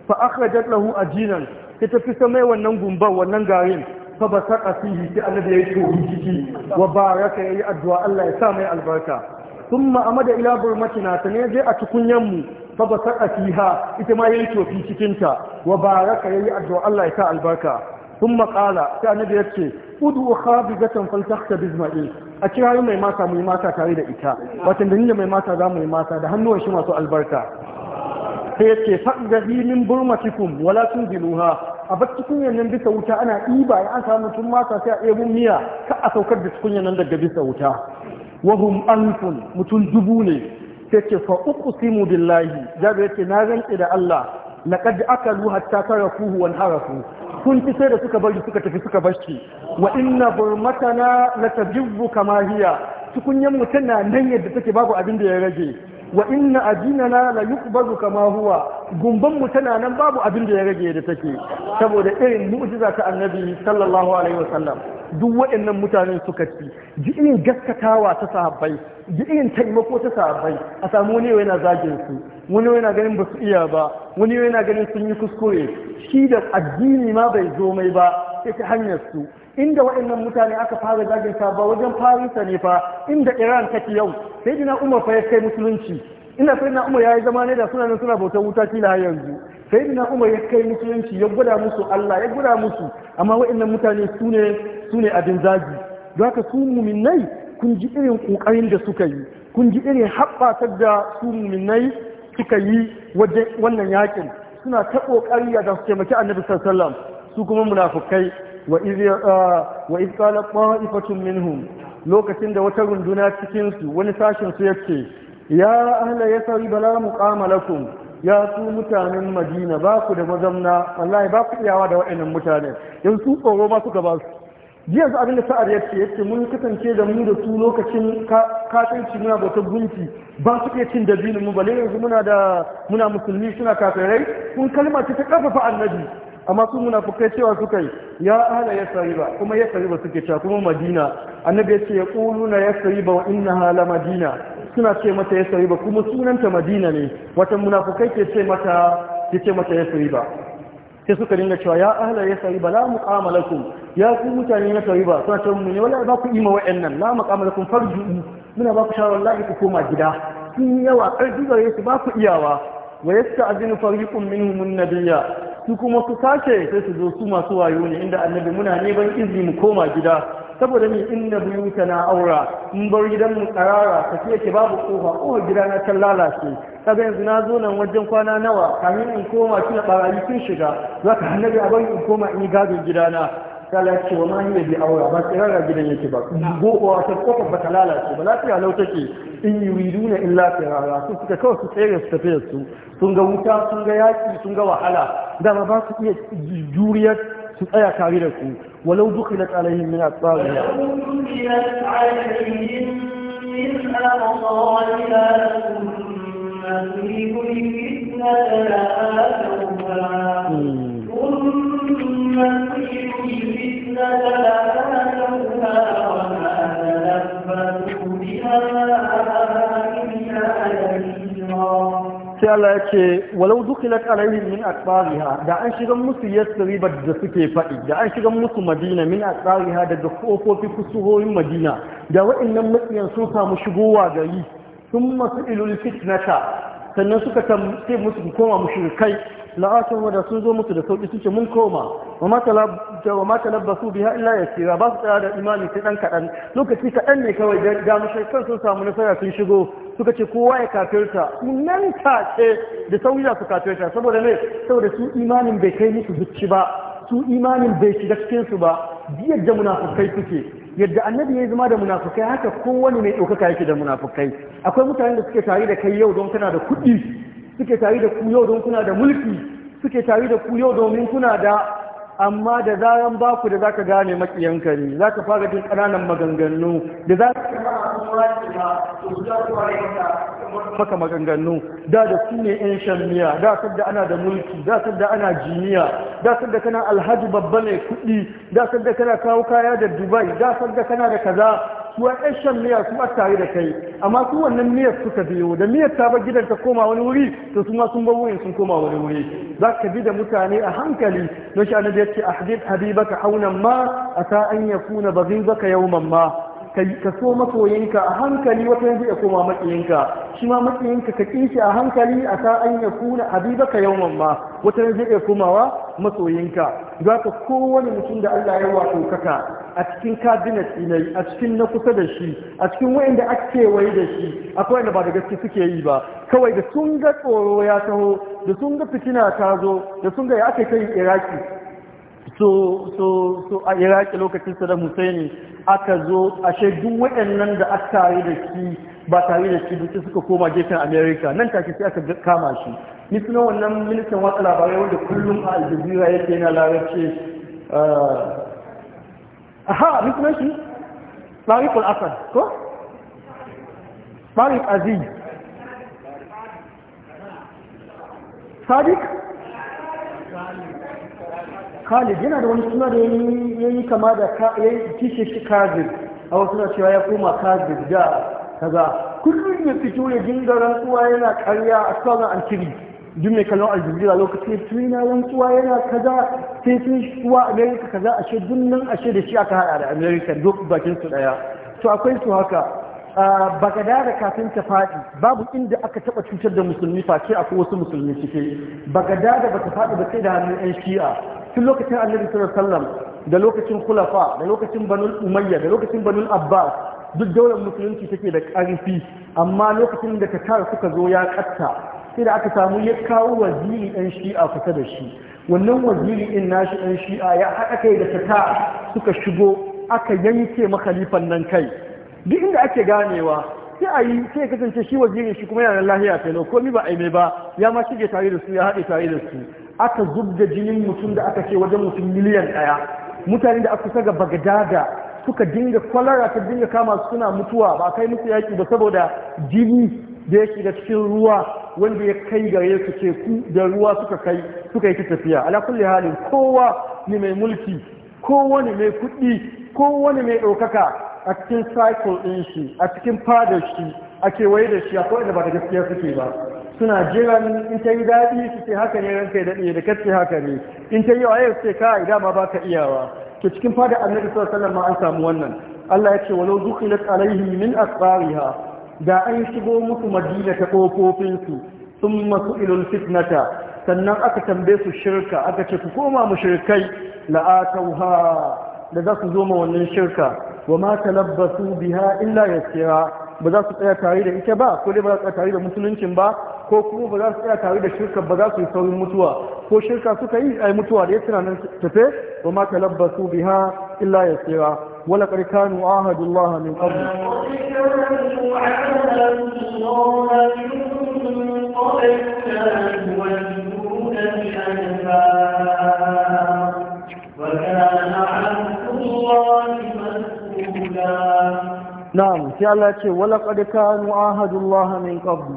fa akhrajat lahu ajinan ta tafi sa mai wannan gumban wannan garin fa basaka fihi sai annabi ya yi to ciki wa baraka yayi addu'a Allah ya sa mai albarka thumma amada ila burmatina ta ne je a tukunyan mu fa basaka fiha ita ma yayi tofi cikin ta wa baraka yayi addu'a Allah ya sa albarka thumma qala ta nabi yace ud'u khabigatan faltakhta bizma'il a kira mai mata mu yi mata tare da ita watan da da mai mata za mu yi mata da hannuwan shi masu albarka sai yace fa'gabi min burmatikum wala tunziluha a bar tukunyan nan bisa wuta ana ɗiba ya an samu tun mata sai a ɗebo miya ka a saukar da tukunyan nan daga bisa wuta wahum alfun mutum dubu ne sai ce fa simu billahi jabir ce na rantsi da Allah na aka akalu hatta kuhu wani harafu sun ci sai da suka bari suka tafi suka bashi wa inna burmatana latajibbu kama hiya tukunyan na nan yadda take babu abin da ya rage wa inna ajinana la yuqbadu kama huwa gumban mu tana nan babu abin da ya rage da take saboda irin mu'jiza ta annabi sallallahu alaihi wasallam duk waɗannan mutanen suka ci ji irin gaskatawa ta sahabbai ji irin taimako ta sahabbai a samu wani yana zagin su wani yana ganin ba su iya ba wani yana ganin sun yi kuskure shi da addini ma bai zo mai ba sai ta hanyar su inda waɗannan mutane aka fara zagin sa ba wajen farisa ne fa inda iran take yau sai dina umar fa ya kai musulunci ina sai na umar ya yi zama ne da sunana suna bautar wuta kila har yanzu sai dina umar ya kai musulunci ya gwada musu allah ya gwada musu amma waɗannan mutane su ne su ne abin zagi don haka su muminai kun ji irin ƙoƙarin da suka yi kun ji irin haɓɓatar da su muminai suka yi wajen wannan yakin suna ta ƙarya da su taimaki annabi sallallahu alaihi wasallam su kuma munafukai wa iz ah, qala qa'ifatun minhum lokacin da wata runduna cikinsu wani sashen ya ce ya ahla ya bala muqama lakum ya su mutanen madina ba ku da mazamna wallahi ba ku iyawa da waɗannan mutane yanzu su tsoro ma suka ba su jiya su abinda sa'ar ya ce mun kasance da mu da su lokacin katanci muna bauta gunki ba su ke cin dabinin mu balle yanzu muna da muna musulmi suna kafirai kun kalma ta karfafa annabi amma su munafukai cewa suka yi ya ahla ba kuma ya ba suke cewa kuma madina annabi ya ce ya yasriba wa innaha hala madina suna ce mata ba kuma sunanta madina ne wata munafukai ke ce mata ya ce mata ba sai suka dinga cewa ya ahla ba la muqamalakum ya ku mutane na ba suna ce mu ne wala ba ku ima wa'annan la muqamalakum farju'u muna ba ku shawarar wallahi ku koma gida sun yawa karfi gare su ba ku iyawa wa yasta'zinu fariqun minhum an-nabiyya su kuma su sake sai su zo su masu wayo ne inda annabi muna neman izini mu koma gida saboda ni inna buyuta na aura in bar gidan mu karara ka ce ke babu kofa kofa gida na can lalace kaga yanzu na zo nan wajen kwana nawa kamin in koma kina barayi sun shiga zaka annabi a bari in koma in yi gadon gidana ta ce wa mahi bi aura ba tsirara gidan yake ba a san kofar ba ta lalace ba lafiya lau take in yi na illa tsirara su suka kawai su tsere su tafiya su sun ga wuta sun ga yaki sun ga wahala dama ba su iya juriyar su tsaya tare da ku walau na alaihim min asfariha ثم ta'ala ya ce walau dukilat alaihim min asbariha da an shiga musu yasriba da suke faɗi da an shiga musu madina min da daga kofofi kusurorin madina da wa'annan matsiyan sun samu shigowa gari sun masu ilul fitnata sannan suka tambaye musu koma mushrikai la'atun da sun zo musu da sauki suke mun koma wa ma talabbasu biha illa yasira ba su tsaya da imani sai dan kaɗan lokaci kaɗan ne kawai da mushrikan sun samu nasara sun shigo suka ce kowa ya kafirta nan take da sauya su kafirta saboda ne saboda su imanin bai kai musu zuci ba su imanin bai shiga cikin su ba biyar da munafukai suke yadda annabi ya zama da munafukai haka kowane mai ɗaukaka yake da munafukai akwai mutanen da suke tare da kai yau don kana da kuɗi suke tare da ku yau don kuna da mulki suke tare da ku yau domin kuna da amma da zaran baku da za ka gane kare ne ka fara jin ƙananan maganganu da za ka maka maganganu da da su ne yan shammiya da sadda ana da mulki da sadda ana jiniya da sadda kana alhaji babba mai kuɗi da sadda kana kawo kaya da dubai da sadda kana da kaza su a shan miya su a tare da kai amma su wannan miyar suka biyo da miyar ta bar gidan ta koma wani wuri to su ma sun bar wurin sun koma wani wuri za ka bi da mutane a hankali don shi annabi ya ce ahdid habibaka haunan ma ata an yakuna bazin zaka yawman ma ka so masoyinka a hankali wata yanzu ya koma matsayinka. shi ma ka ƙi shi a hankali a ta an ya kuna ka yawman ma wata yanzu ya komawa masoyinka za ka kowane mutum da Allah ya wato kaka a cikin kabinet ne a cikin na kusa da shi a cikin wayanda ake kewaye da shi akwai wanda ba da gaske suke yi ba kawai da sun ga tsoro ya taho da sun ga fitina ta zo da sun ga ya aka kai iraki so so so a iraki lokacin saddam Hussein. aka zo ashe duk waɗannan da aka tare da shi ba tare da shi duk suka koma gefen america nan take sai aka kama shi ni suna wannan ministan watsa labarai wanda kullum a aljazeera yake yana larabci eh, aha ni suna shi tariq al-asad ko tariq aziz sadiq khalid yana da wani suna da ya yi kama da ya yi kishe shi kazir a wasu na cewa ya koma kazir da kaza kullum ya fito ya dinga rantsuwa yana karya a sauran antiri duk mai kallon aljazeera lokacin tuni na rantsuwa yana kaza sai sun kuwa Amerika. kaza ashe dunnan ashe da shi aka haɗa da Amerika, duk bakin su daya to akwai su haka bagada da kafin ta faɗi babu inda aka taɓa cutar da musulmi face akwai wasu musulmi cike bagada da bata faɗi ba sai da hannun 'yan shi'a tun lokacin annabi sallallahu alaihi da lokacin khulafa da lokacin banul umayya da lokacin banul abbas duk daular musulunci take da ƙarfi amma lokacin da tatar suka zo ya katta sai da aka samu ya kawo waziri ɗan shi'a kusa da shi wannan waziri in nashi ɗan shi'a ya haɗa kai da tatar suka shigo aka yanke makalifan nan kai duk inda ake ganewa sai a yi sai kasance shi wazirin shi kuma yana lahiya kai ko ni ba aime ba ya ma shige tare da su ya haɗe tare da su aka zubda jinin mutum da aka ce wajen mutum miliyan ɗaya mutane da aka saga bagdada suka dinga kwalara ta dinga kama suna mutuwa ba kai musu yaki ba saboda jini da ya shiga cikin ruwa wanda ya kai gare su ce ku da ruwa suka kai suka yi ta tafiya ala kulli halin kowa ne mai mulki kowa ne mai kuɗi ne mai ɗaukaka a cikin cycle ɗin shi a cikin fadar shi a kewaye da shi a kawai da ba da gaskiya suke ba suna jiran in ta yi daɗi su ce haka ne ranka ya daɗe da kacce haka ne in ta yi waye su ce kai dama ba ka iyawa to cikin fada annabi sallallahu alaihi an samu wannan Allah ya ce walau dukhilat alaihim min ha da an shigo musu madina ta kofofin su thumma su'ilul fitnata sannan aka tambaye su shirka aka ce ku koma mushrikai la'atauha da za su zo wannan shirka wa ma talabbasu biha illa yasira ba za su tsaya tare da ita ba ko dai ba za su tsaya tare da musuluncin ba ko kuma ba za su tsaya tare da shirka ba za su yi saurin mutuwa ko shirka suka yi ai mutuwa da ya tana nan tafe ba ma talabbasu biha illa yasira wala qad kanu ahadullah min qabl نعم في الله يقول ولقد كانوا عاهدوا الله من قبل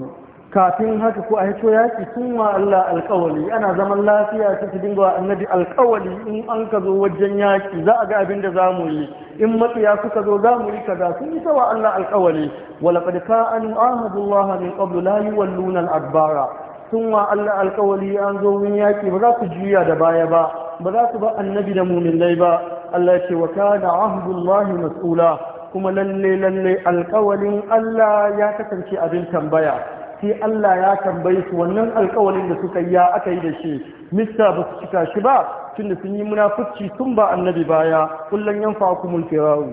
kafin haka ko a hito yaƙi sun wa Allah alƙawali ana zaman lafiya ta su dinga annabi alƙawali in an ka zo wajen yaƙi za a ga abin da za mu yi in matsiya suka zo za mu yi kaza sun yi sawa Allah alƙawali walaƙad ka'anu ahadullaha min qablu la yuwalluna al-adbara sun wa Allah alƙawali an zo wurin yaƙi ba za ku juya da baya ba ba za ku ba annabi da muminai ba Allah ya ce wa kana ahdullahi mas'ula kuma lalle lalle alƙawalin Allah ya kasance abin tambaya sai Allah ya tambaye su wannan alƙawarin da suka yi ya aka yi da shi mista ba su cika shi ba tunda sun yi munafuci tun ba annabi baya kullum yan fakumul firawu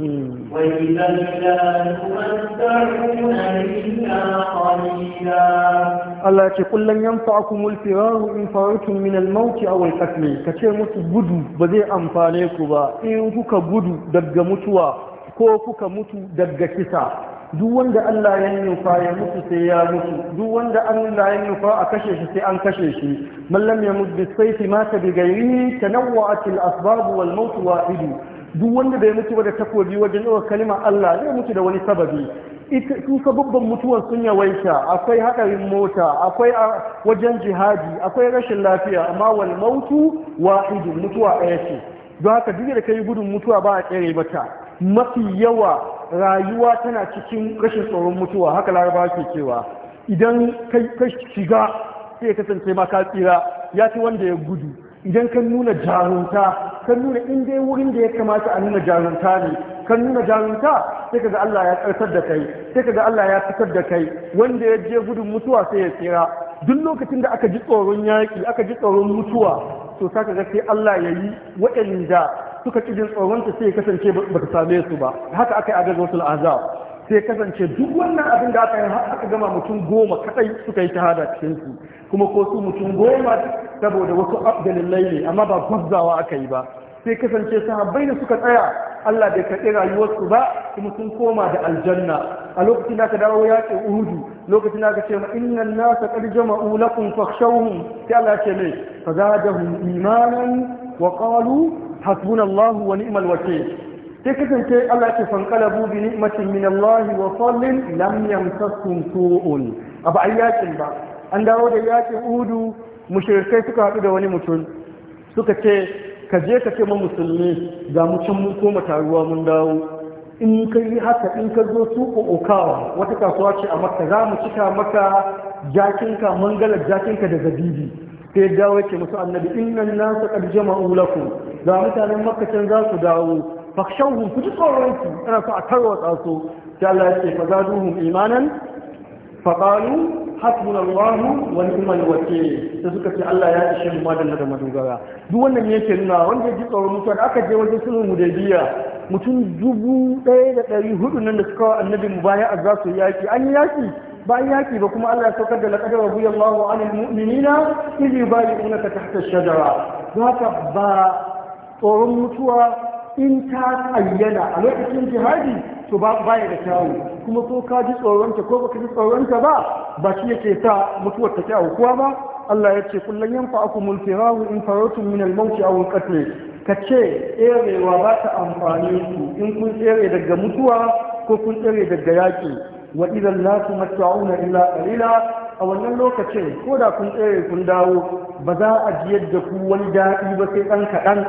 قل وإذا الجبال تمتعون إلا قليلا Allah ce kullum yan fa'akum ulfiraru in farutum min al a aw al-qatl kace musu gudu ba zai amfane ku ba in kuka gudu daga mutuwa ko kuka mutu daga kisa duk wanda Allah ya nufa ya mutu sai ya mutu duk wanda Allah ya nufa a kashe shi sai an kashe shi Mallam ya mutu sai ta mata bi gairi tanawwa'at al-asbab wal maut wahidu duk wanda bai mutu da takobi wajen yawan kalima Allah zai mutu da wani sababi su sababban mutuwar sun yawaita akwai haɗarin mota akwai wajen jihadi akwai rashin lafiya amma wal mautu wahidu mutuwa ɗaya ce don haka duk da kai gudun mutuwa ba a tsere mata mafi yawa rayuwa tana cikin rashin tsoron mutuwa haka Laraba ke cewa idan kai ka shiga sai kasance ma ka tsira ya ci wanda ya gudu idan kan nuna jarunta kan nuna in dai wurin da ya kamata a nuna jarunta ne kan nuna jarunta sai kaga Allah ya tsartar da kai sai kaga Allah ya fitar da kai wanda ya je gudun mutuwa sai ya tsira duk lokacin da aka ji tsoron yaƙi aka ji tsoron mutuwa to sai sai Allah ya yi waɗanda suka ci jin tsoronta sai ya kasance ba ta same su ba haka aka yi agazatul azab sai kasance duk wannan abin da aka yi aka gama mutum goma kadai suka yi shahada cikin su kuma ko su mutum goma saboda wasu abdalillai ne amma ba gwabzawa aka yi ba sai kasance sahabbai da suka tsaya Allah bai karɓi rayuwarsu ba kuma sun koma da aljanna a lokacin da aka dawo yaƙin uhudu lokacin da aka ce ma innan nasa qad jama'u lakum fakhshawhum sai Allah ce mai fazadahum imanan wa qalu hasbunallahu wa ni'mal wakeel sai kasance Allah ce fanqalabu bi ni'matin min Allah wa fadlin lam yamsaskum su'un aba ayyakin ba an dawo da yaƙin uhudu Mushirikai suka haɗu da wani mutum suka ce ka je ka ce ma musulmi ga mu mun koma taruwa mun dawo in ka yi haka in ka zo suko okawa wata kasuwa ce a maka za mu cika maka jakinka mangalar jakinka daga bibi sai dawo yake musu annabi innan nasu qad jama'u lakum ga mutanen makka can za su dawo fakshawhum ku ji tsoron ana so a tarwatsa su ta Allah ya ce imanan faƙalu hasbun Allah wa ni'mal wakil sai suka ce Allah ya ishe mu madan da madogara duk wannan ne yake nuna wanda ya ji tsoron mutuwa da aka je wajen sulhun hudaybiya mutum dubu ɗaya da ɗari hudu nan da suka wa annabi mu baya a za su yaki an yi yaki bayan yaki ba kuma Allah ya saukar da buya rabbiya Allahu 'anil mu'minina idh yubayyi'unaka tahta ash-shajara haka ba tsoron mutuwa in ta ayyana a lokacin jihadi to ba baya da kyawu kuma ko ka ji tsoronta ko baka ji tsoronta ba ba shi yake sa mutuwar ta kyawu kuwa ba Allah ya ce kullum yanfa'akumul firaru in faratum min al-maut aw al ka ce tserewa ba ta amfani ku in kun tsere daga mutuwa ko kun tsere daga yaki wa idan la tumatta'una illa qalila a wannan lokacin ko da kun tsere kun dawo ba za a ji yadda ku wani daɗi ba sai ɗan kaɗan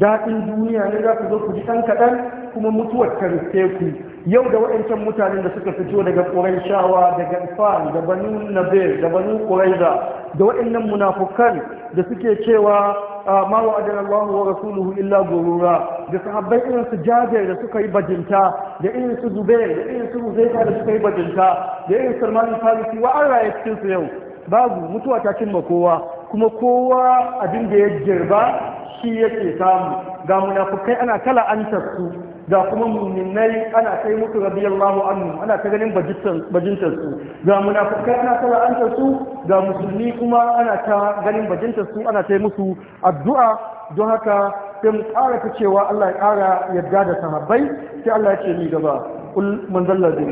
daɗin duniya ne za ku zo ku ji ɗan kaɗan kuma mutuwar karfe ku yau da waɗancan mutanen da suka fito daga ƙuraishawa daga ifan da banu nabir da banu ƙuraiza da waɗannan munafukan da suke cewa ah, ma wa'adana Allah wa rasuluhu illa gurura da sahabbai irin su Jabir da suka yi bajinta da irin su Zubair da irin su da suka yi bajinta da irin salmanin Farisi wa an raye cikin su yau babu mutuwa ta cimma kowa kuma kowa abin da ya girba shi yake samu ga munafukai ana kala an su ga kuma muminai ana kai rabiyar radiyallahu anhu ana ta ganin bajintar su ga munafikai ana ta la'antar su ga musulmi kuma ana ta ganin bajintar ana ta musu addu'a don haka sai mu ƙara ta cewa Allah ya ƙara yadda da sahabbai sai Allah ya ce ni gaba kul man zallazi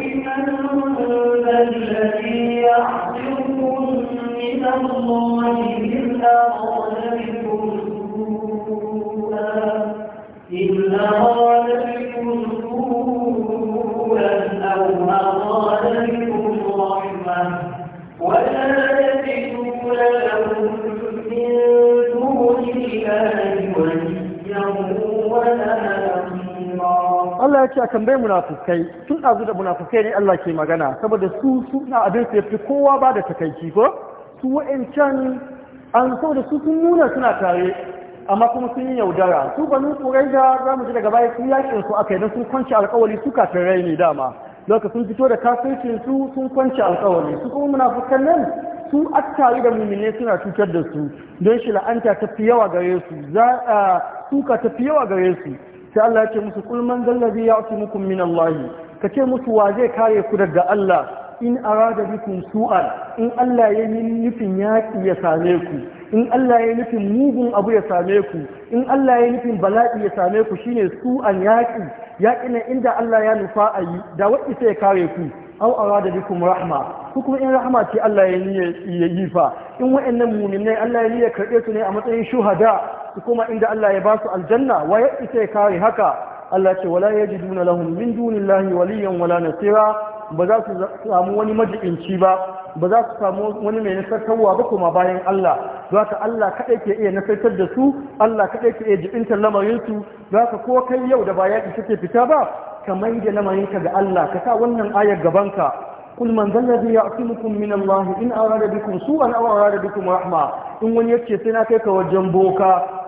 إن kan bai Allah ya ce a tambayi munafukai tun ɗazu da munafukai ne Allah ke magana saboda su suna abin su yafi kowa ba da takaici ko su wa'ancan an saboda su sun nuna suna tare amma kuma sun yi yaudara su banu da za mu ji daga baya su yakin su akai dan sun kwanci alkawali su kafin rai ne dama lokacin sun fito da kafircin su sun kwanci alkawali su kuma fuskan nan su attare da muminai suna cutar da su don shi la'anta ta fi yawa gare su za a suka ta fi yawa gare su sai Allah ya ce musu kul man zallazi muku min Allah ka ce musu wa zai kare ku daga Allah in arada bikum su'an in Allah ya yi nufin yaki ya same ku in Allah ya nufin mugun abu ya same ku in Allah ya nufin bala'i ya same ku shine su an yaƙi yaƙi na inda Allah ya nufa a yi da waɗi sai ya kare ku aw arada bikum rahma ko kuma in rahma ce Allah ya yi fa in wa'annan mu'minai Allah ya niyya karɓe su ne a matsayin shuhada kuma inda Allah ya ba su aljanna wa ya isa kare haka Allah ce wala yajiduna lahum min dunillahi waliyan wala nasira ba za su samu wani majibinci ba ba za su samu wani mai nasartarwa ba kuma bayan Allah za ka Allah kaɗai ke iya nasartar da su Allah kaɗai ke iya jibintar lamarinsu za ka ko kai yau da ba yaƙi ke fita ba ka mai da lamarinka ga Allah ka sa wannan ayar gabanka قل من ذا الذي يعصمكم من الله إن أراد بكم سوءا أو أراد بكم sai na وني يكشي سنا كيك وجنبوك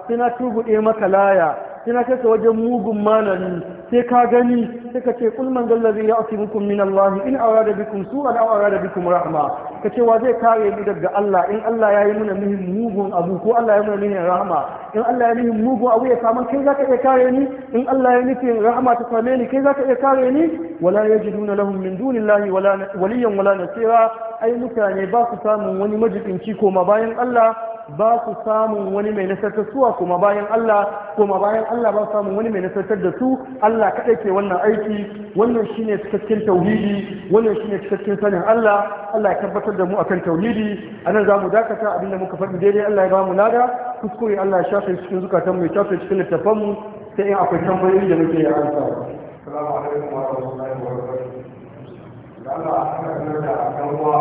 سنا توبو maka laya. sai na kai ka wajen mugun malami sai ka gani sai ka ce kul man dallazi ya'timukum min Allah in arada bikum su'an aw arada bikum rahma ka ce wa zai kare ni daga Allah in Allah ya yi muna mihin mugun abu ko Allah ya muna mihin rahma in Allah ya mihin mugun abu ya samu kai zaka iya kare ni in Allah ya nufin rahma ta same ni kai zaka iya kare ni wala yajiduna lahum min dunillahi wala waliyan wala nasira ai mutane ba su samun wani majibinci koma bayan Allah ba su samun wani mai nasartar suwa kuma bayan Allah kuma bayan Allah ba su samun wani mai nasartar da su Allah kaɗai ke wannan aiki wannan shine cikakken tauhidi wannan shine cikakken sanin Allah Allah ya tabbatar da mu akan tauhidi nan za mu dakata abinda muka faɗi daidai Allah ya ba mu nada kuskure Allah ya shafe cikin zukatan mu ya shafe cikin littafan mu sai in akwai tambayoyi da muke ya ansa assalamu alaikum wa rahmatullahi wa barakatuh Allah ya da kan uwa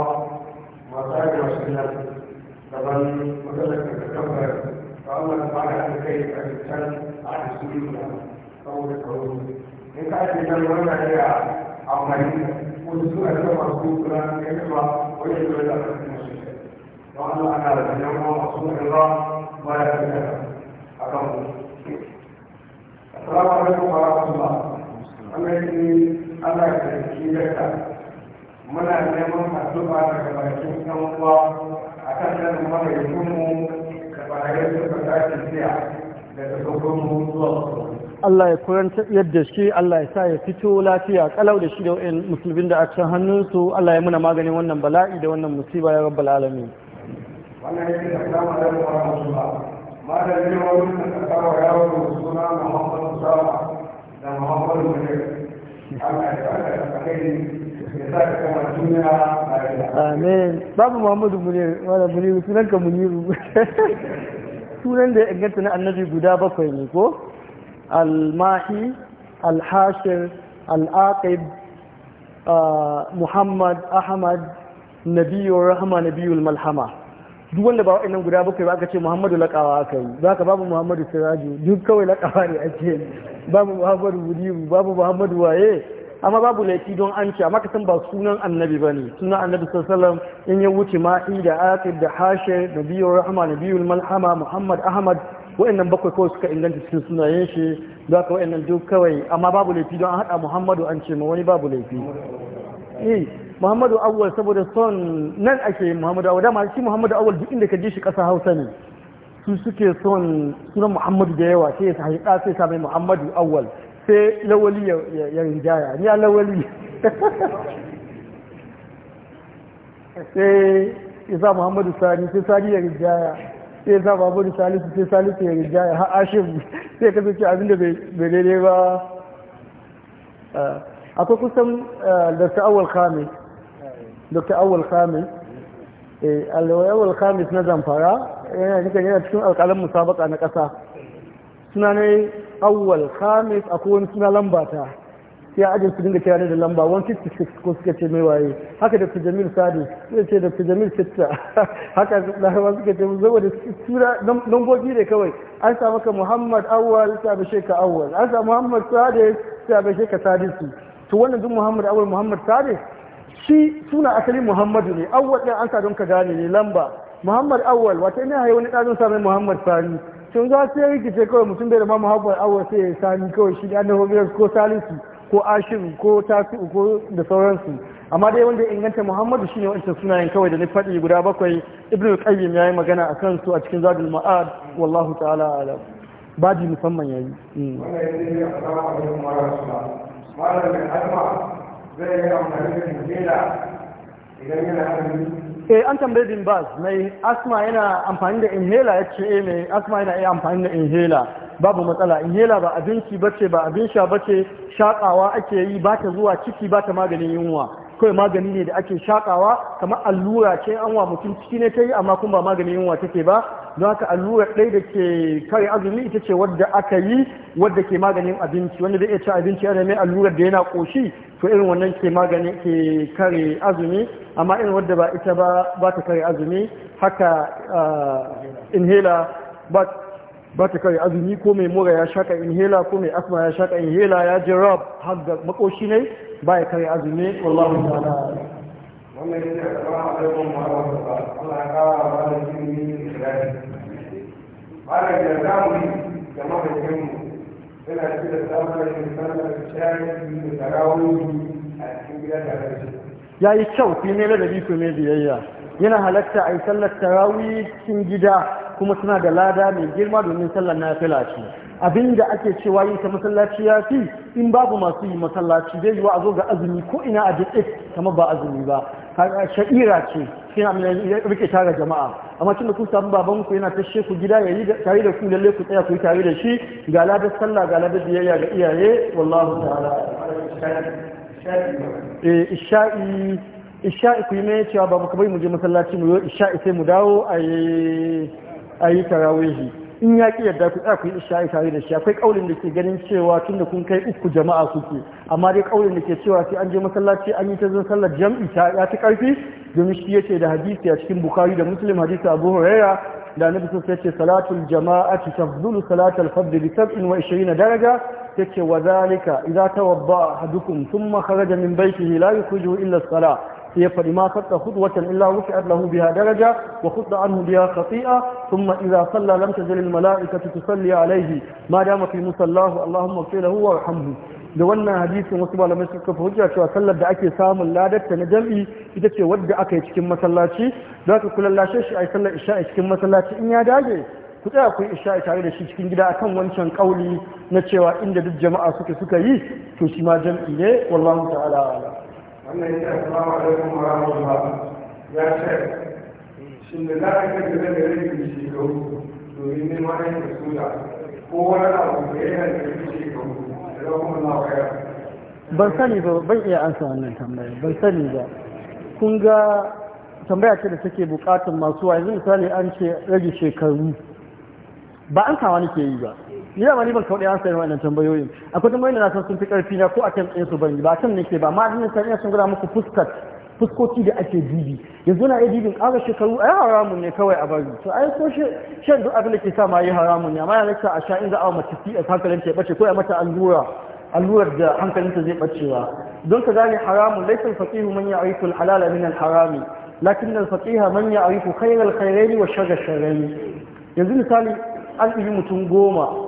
kamar matsalar da kamar kawai ba da aka kai a cikin a cikin da saboda kawo in ka ce nan wannan ya amfani ko su a kan masu kula ya kama wajen da ya zama masu shi don Allah ana da yan uwa masu kula ba ya kula a kan mu assalamu alaikum wa rahmatullah Allah ya ce Allah ya ce ki da muna neman addu'a daga bakin yan uwa a kan akan sanin magaicinmu da su da za siya daga dogonmu zuwa Allah ya kuranta yadda shi Allah ya sa ya fito lafiya kalau da shi da wa'in musulmin da a can hannunsu Allah ya muna maganin wannan bala'i da wannan musiba ya rabbal alamin wannan yake da kama da mu'amala madalli wani da ta kawo yawon suna Muhammadu Sama da Muhammadu Mujahid Allah ya sa ka kai amin babu muhammadu munir wala munir sunanka muniru [LAUGHS] sunan da ya inganta na annabi guda bakwai ne ko Al Al mahi, Al-Hashir, Al aqib ah, muhammad ahmad nabiyu rahama Nabiyu, malhama duk wanda ba wa'annan guda bakwai ba aka ce muhammadu laƙawa aka yi za ka babu muhammadu siraju duk kawai laƙawa ne ake babu muhammadu mudiru babu muhammadu waye amma babu laifi don an ce amma kasan ba sunan annabi ba ne, sunan annabi sallallahu in ya wuce ma'i da aqib da hashir nabiyur da nabiyul malhama muhammad ahmad wa'annan bakwai kawai suka inganta cikin sunayen shi za ka wa'annan duk kawai amma babu laifi don an haɗa muhammadu an ce ma wani babu laifi eh, muhammadu awwal saboda son nan ake muhammadu awwal dama shi muhammadu awwal duk inda ka ji shi ƙasa hausa ne su suke son sunan muhammadu da yawa sai ya sa sai sa mai muhammadu awwal sai lawali ya rinjaya ni a lawali [LAUGHS] sai isa muhammadu sani sai sani ya rinjaya sai isa babu salisu sai salisu ya rinjaya har ashim sai kasance abinda bai daidai ba ah, akwai kusan ah, dr awal khamis dr awal khamis eh, alawal khamis na zamfara yana cikin alkalin musabaka na ƙasa suna ne awwal khamis akwai wani suna lamba ta sai ajin su dinga kira da lamba 166 ko suka ce mai waye haka da jamil sadi [LAUGHS] suka ce da jamil sitta haka da larabawa suka ce da sura lambobi ne kawai an samu ka muhammad awwal sai abin sheka awwal an samu muhammad sadi sai abin sheka sadisu to wannan duk muhammad awwal muhammad sadi shi suna asali muhammadu ne awwal din an sa don ka gane ne lamba muhammad awwal wata ina haye wani ɗazin sa mai muhammad sani tun za su yi rikice kawai mutum bai da mamu haɓar awa sai ya sami kawai shi da annabawa ko salisu ko ashiru ko tasi'u ko da sauransu amma dai wanda inganta muhammadu shine wancan sunayen kawai da na faɗi guda bakwai ibnu qayyim yi magana a kansu a cikin zadul ma'ad wallahu ta'ala alam baji musamman yayi malamin zai yi hmm. amfani da eh an tambaye bin bas mai asma yana amfani da inhaler ya ce eh mai asma yana iya amfani da inhaler babu matsala inhaler ba abinci bace ba abin sha bace shakawa ake yi ba ta zuwa ciki ba ta maganin yunwa kawai magani ne da ake shakawa kamar allura ce an wa mutum ciki ne ta yi amma kuma ba magani yunwa take ba don haka allura ɗaya da ke kare azumi ita ce wadda aka yi wadda ke maganin abinci wanda zai iya ci abinci ana mai allura da yana ƙoshi to irin wannan ke magani ke kare azumi amma irin wadda ba ita ba ba ta kare azumi haka ah, inhaler ba ta kare azumi ko mai mura ya shaka inhaler ko mai asma ya shaka inhaler ya ji rab har da makoshi ne ba ya karya azumi wallahu ta'ala wannan yake da kuma alaikum wa rahmatullah Allah ya kawo wa da jini da dadi bala da zamu da mahaifin mu yana cikin tsammanin misalar shayi da tarawih a cikin gida da rashi ya yi kyau ku ne ladabi biyu ne biyayya yana halatta a yi sallar tarawih cikin gida kuma suna da lada mai girma domin sallar na nafila ce Abin da ake cewa yi ta masallaci ya fi in babu masu yi masallaci zai yiwa a zo ga azumi ko ina a duk kamar ba azumi ba sha'ira ce shi na rike tara jama'a amma tun da kun samu baban ku yana ta ku gida ya yayi tare da ku lalle ku tsaya ku yi tare da shi ga ladar sallah ga ladar biyayya ga iyaye wallahu ta'ala eh, isha'i isha'i ku cewa babu kabai mu je masallaci mu yi isha'i sai mu dawo a yi tarawihi in ya ki yadda ku tsaya ku yi isha'i tare da shi akwai kaulin da ke ganin cewa da kun kai uku jama'a kuke amma dai kaulin da ke cewa sai an je masallaci an yi ta zo sallar jam'i ta ya fi karfi domin shi yake da hadisi a cikin Bukhari da muslim hadisi abu huraira da annabi sun ce salatul jama'ati tafdulu salatul fadl bi na daraja yace wa zalika idza tawadda ahadukum thumma kharaja min baytihi la yukhrijuhu illa as-salah ya faɗi ma khatta khudwatan illa wusi'at lahu biha daraja wa khudda anhu biha khati'a thumma idza salla lam tajal al mala'ikatu tusalli alayhi ma dama fi musallahu allahumma ighfir lahu warhamhu da wannan hadisin wasu malamai suka fi hujja cewa sallar da ake samun ladarta na jam'i ita ce wadda aka yi cikin masallaci za ka kula lashe shi a yi sallar isha'i cikin masallaci in ya dage ku tsaya ku yi isha'i tare da shi cikin gida akan wancan kauli na cewa inda duk jama'a suke suka yi to shi ma jam'i ne wallahu ta'ala wannan yake assalamu alaikum wa rahmatullah ya ce shin da za a kai da da rikin shekaru domin neman aikin suna ko wani abu da yana da rikin shekaru da zama na waya ban sani ba ban iya ansa wannan tambaya ban sani ba kun ga tambaya ce da take bukatun masu wa yanzu misali an ce rage shekaru ba an sawa nake yi ba ni ma ribar ban an ɗaya ansar wannan tambayoyin akwai tambayoyin da na san sun fi ƙarfi na ko a kan ɗin su bane ba kan ke ba ma din san sun gura muku fuskar fuskoki da ake dubi. yanzu na ya dibin ƙara shekaru a yi haramun ne kawai a bari to a yi ko shan duk abin da ke sa ma yi haramun ne amma ya lakta a sha in za a mace cs hankalin ta ya ɓace ko ya mata allura allurar da hankalin ta zai ɓacewa don ka gane haramun laifin fasihu man ya aiki halala min alharami harami lakin da faqiha man ya aiki al-khayraini wa sharra yanzu misali an ɗibi mutum goma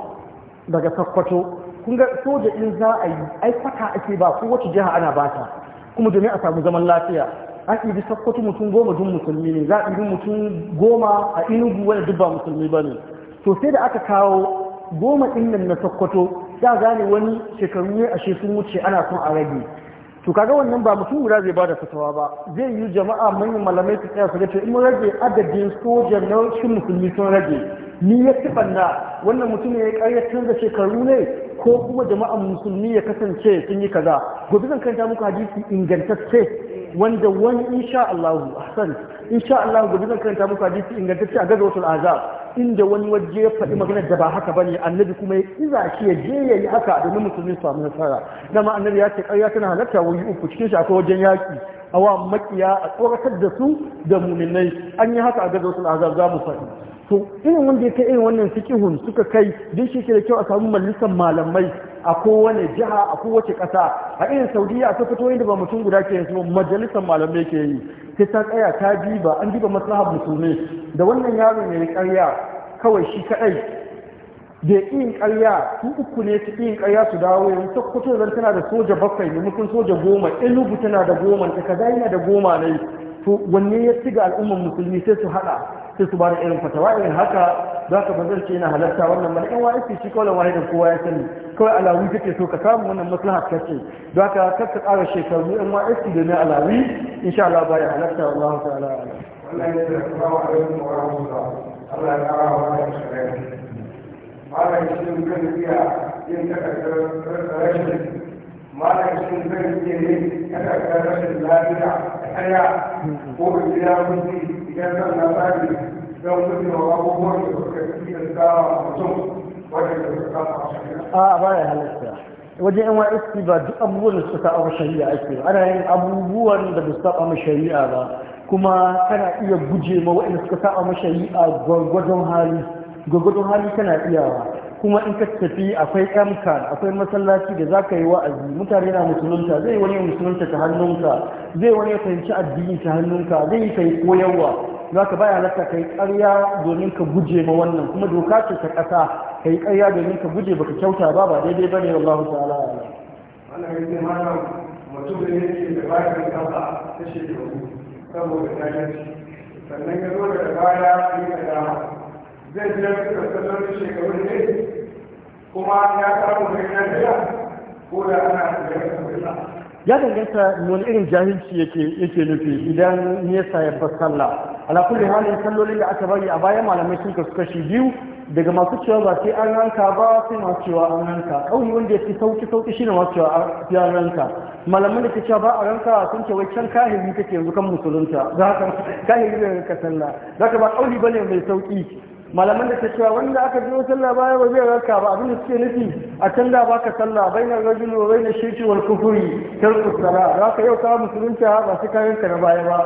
daga sakkwato kun ga soja in za a yi ai kwata ake ba ko wacce jiha ana bata kuma domin a samu zaman lafiya an ibi sakkwato mutum goma dun musulmi ne za a ibi mutum goma a inugu wanda duk ba musulmi ba ne to sai da aka kawo goma ɗin nan na sakkwato da gane wani shekaru ne a sun wuce ana son a rage to kaga wannan ba mutum guda zai bada fatawa ba zai yi jama'a manyan malamai su tsaya su ga to in mun rage adadin soja na shi musulmi sun rage ni ya ci banna wannan mutum ya karya canza shekaru ne ko kuma jama'an musulmi ya kasance sun yi kaza gobe zan kanta muku hadisi ingantacce wanda wani insha Allah ahsan insha Allah gobe zan kanta muku hadisi ingantacce a azab inda wani waje ya faɗi maganar da ba haka bane annabi kuma ya iza shi ya je yi haka domin musulmi su samu nasara dama annabi ya ce ƙarya tana halatta wani uku cikin shi akwai wajen yaƙi awa makiya a tsoratar da su da muminai an yi haka a wasu azab za mu faɗi to irin wanda ya kai irin wannan fikihun suka kai duk shi ke da kyau a samu majalisar malamai a kowane jiha a kowace ƙasa a irin saudiya a sokoto yadda ba mutum guda ke yanzu majalisar malamai ke yi sai ta tsaya ta diba an diba maslahar musulmi da wannan yaron ya yi ƙarya kawai shi kaɗai da yin ƙarya su uku ne su yin ƙarya su dawo yanzu sokoto zan tana da soja bakwai ne mutum soja goma enugu tana da goma ta kaza yana da goma ne to wanne ya ci ga al'ummar musulmi sai su haɗa sai su ba da irin fatawa irin haka za ka bazar ce yana halarta wannan mana in wa'isi shi kawai wahidin kowa ya sani kawai alawi kake so ka samu wannan maslaha ka ce za ka kakka ƙara shekaru in wa'isi domin alawi insha Allah ba ya halarta Allah ta'ala Allah ya tsara alaikum wa rahmatullah Allah ya ƙara wa ta shari'a malam shi kan iya yin takardar rashin malam shi kan iya yin takardar rashin lafiya a kaya ko ya mutu idan zan labari A'a, wajen a ba ya halatta wajen yan wa'isi ba duk abubuwan da suka kama shari'a ake ba ana yin abubuwan da ba su kama shari'a ba kuma tana iya guje ma waɗanda suka kama shari'a gwagwadon hali gwagwadon hali kana kuma in ka tafi akwai amkan akwai masallaci da za ka yi wa'azi mutane na musulunta zai wani musulunta ta hannunka zai wani ya fahimci addini ta hannunka zai yi kai koyarwa za ka baya halatta ka yi ƙarya domin ka guje ma wannan kuma doka ce ta ƙasa ka yi ƙarya domin ka guje baka kyauta ba ba daidai ba ne wallahu ta'ala wannan ya yi ya danganta wani irin jahilci yake nufi idan nesa ya bar sallah ala kulli halin sallolin da aka bari a baya malamai sun kasu shi biyu daga masu cewa ba sai an ranka ba sai masu cewa an ranka wanda ya fi sauki sauki shine masu cewa an ranka malaman da ke cewa ba a ranka sun ce wai can kahiri ke yanzu kan musulunta za ka kahiri zai ranka sallah za ka ba kauli bane mai sauki malaman da ke cewa wanda aka biyo sallah baya ba zai raka ba abinda suke nufi a can da baka sallah baina rajul wa baina shirki wal kufuri tarku sala za ka yau ka musulunta ba sai kayan ka na baya ba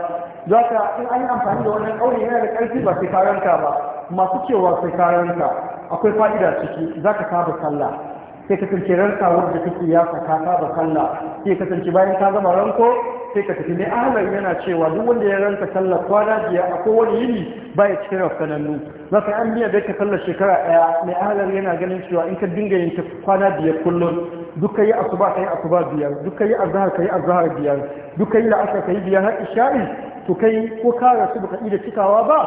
za ka in an yi amfani da wannan kauri yana da karfi ba sai kayan ka ba masu cewa sai kayan ka akwai fa'ida ciki za ka saba sallah sai kasance rankawar da kake ya saka ka ba sallah sai kasance bayan ka gama ranko sai ka tafi ne yana cewa duk wanda ya ranka sallar kwana biya a kowane yini baya cikin rafsanannu za ka an biya da ka sallar shekara ɗaya mai ahlar yana ganin cewa in ka dinga yin ta kwana biyar kullum duka yi asuba ka yi asuba biyar duka yi azhar ka yi azhar biyar duka yi la'asar ka yi biyar har isha'i to kai ko ka rasu baka iya cikawa ba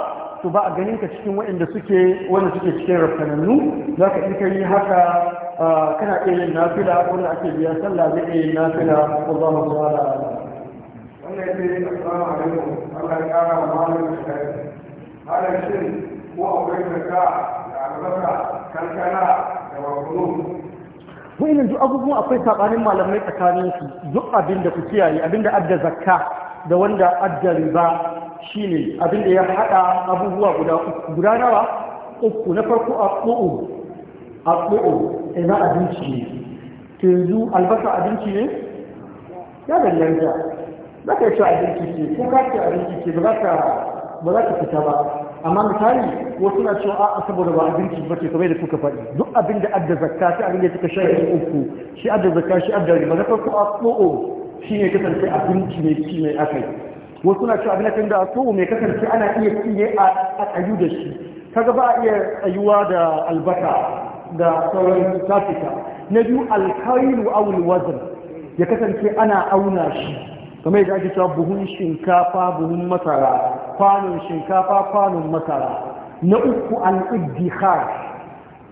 to ba a ganin ka cikin waɗanda suke wanda suke cikin rafsanannu zaka in ka yi haka Ah, kana iya yin nafila wanda ake biya sallah zai iya yin nafila ko za mu zuwa da wannan yake yin asalamu alaikum Allah ya kara wa malamin shari'a malam shin ko akwai zakka da albasa kankana da barkono wa'annan duk abubuwa akwai sabanin malamai tsakanin su duk abin da ku kiyaye abin da adda zakka da wanda adda riba shine abin da ya hada abubuwa guda uku guda nawa uku na farko a ƙo'o abu'u ina eh, abinci ne Ke yanzu albasa abinci ne ya danganta za ka yi abinci ce ko ka ce abinci ce ba za ka fita ba amma misali wasu na cewa a saboda ba abinci ba ce kamar da kuka faɗi duk abin da adda zakka shi abin da suka sha yi uku shi adda zakka shi adda riba na farko a tso'o shi ne kasance abinci ne ci mai akai wasu na cewa abin da tso'o mai kasance ana iya ciye a tsayu da shi kaga ba a iya tsayuwa da albasa da sauran tafika na biyu alkailu awul wazn ya kasance ana auna shi kamar yadda ake cewa buhun shinkafa buhun masara kwanon shinkafa kwanon masara na uku al-iddihar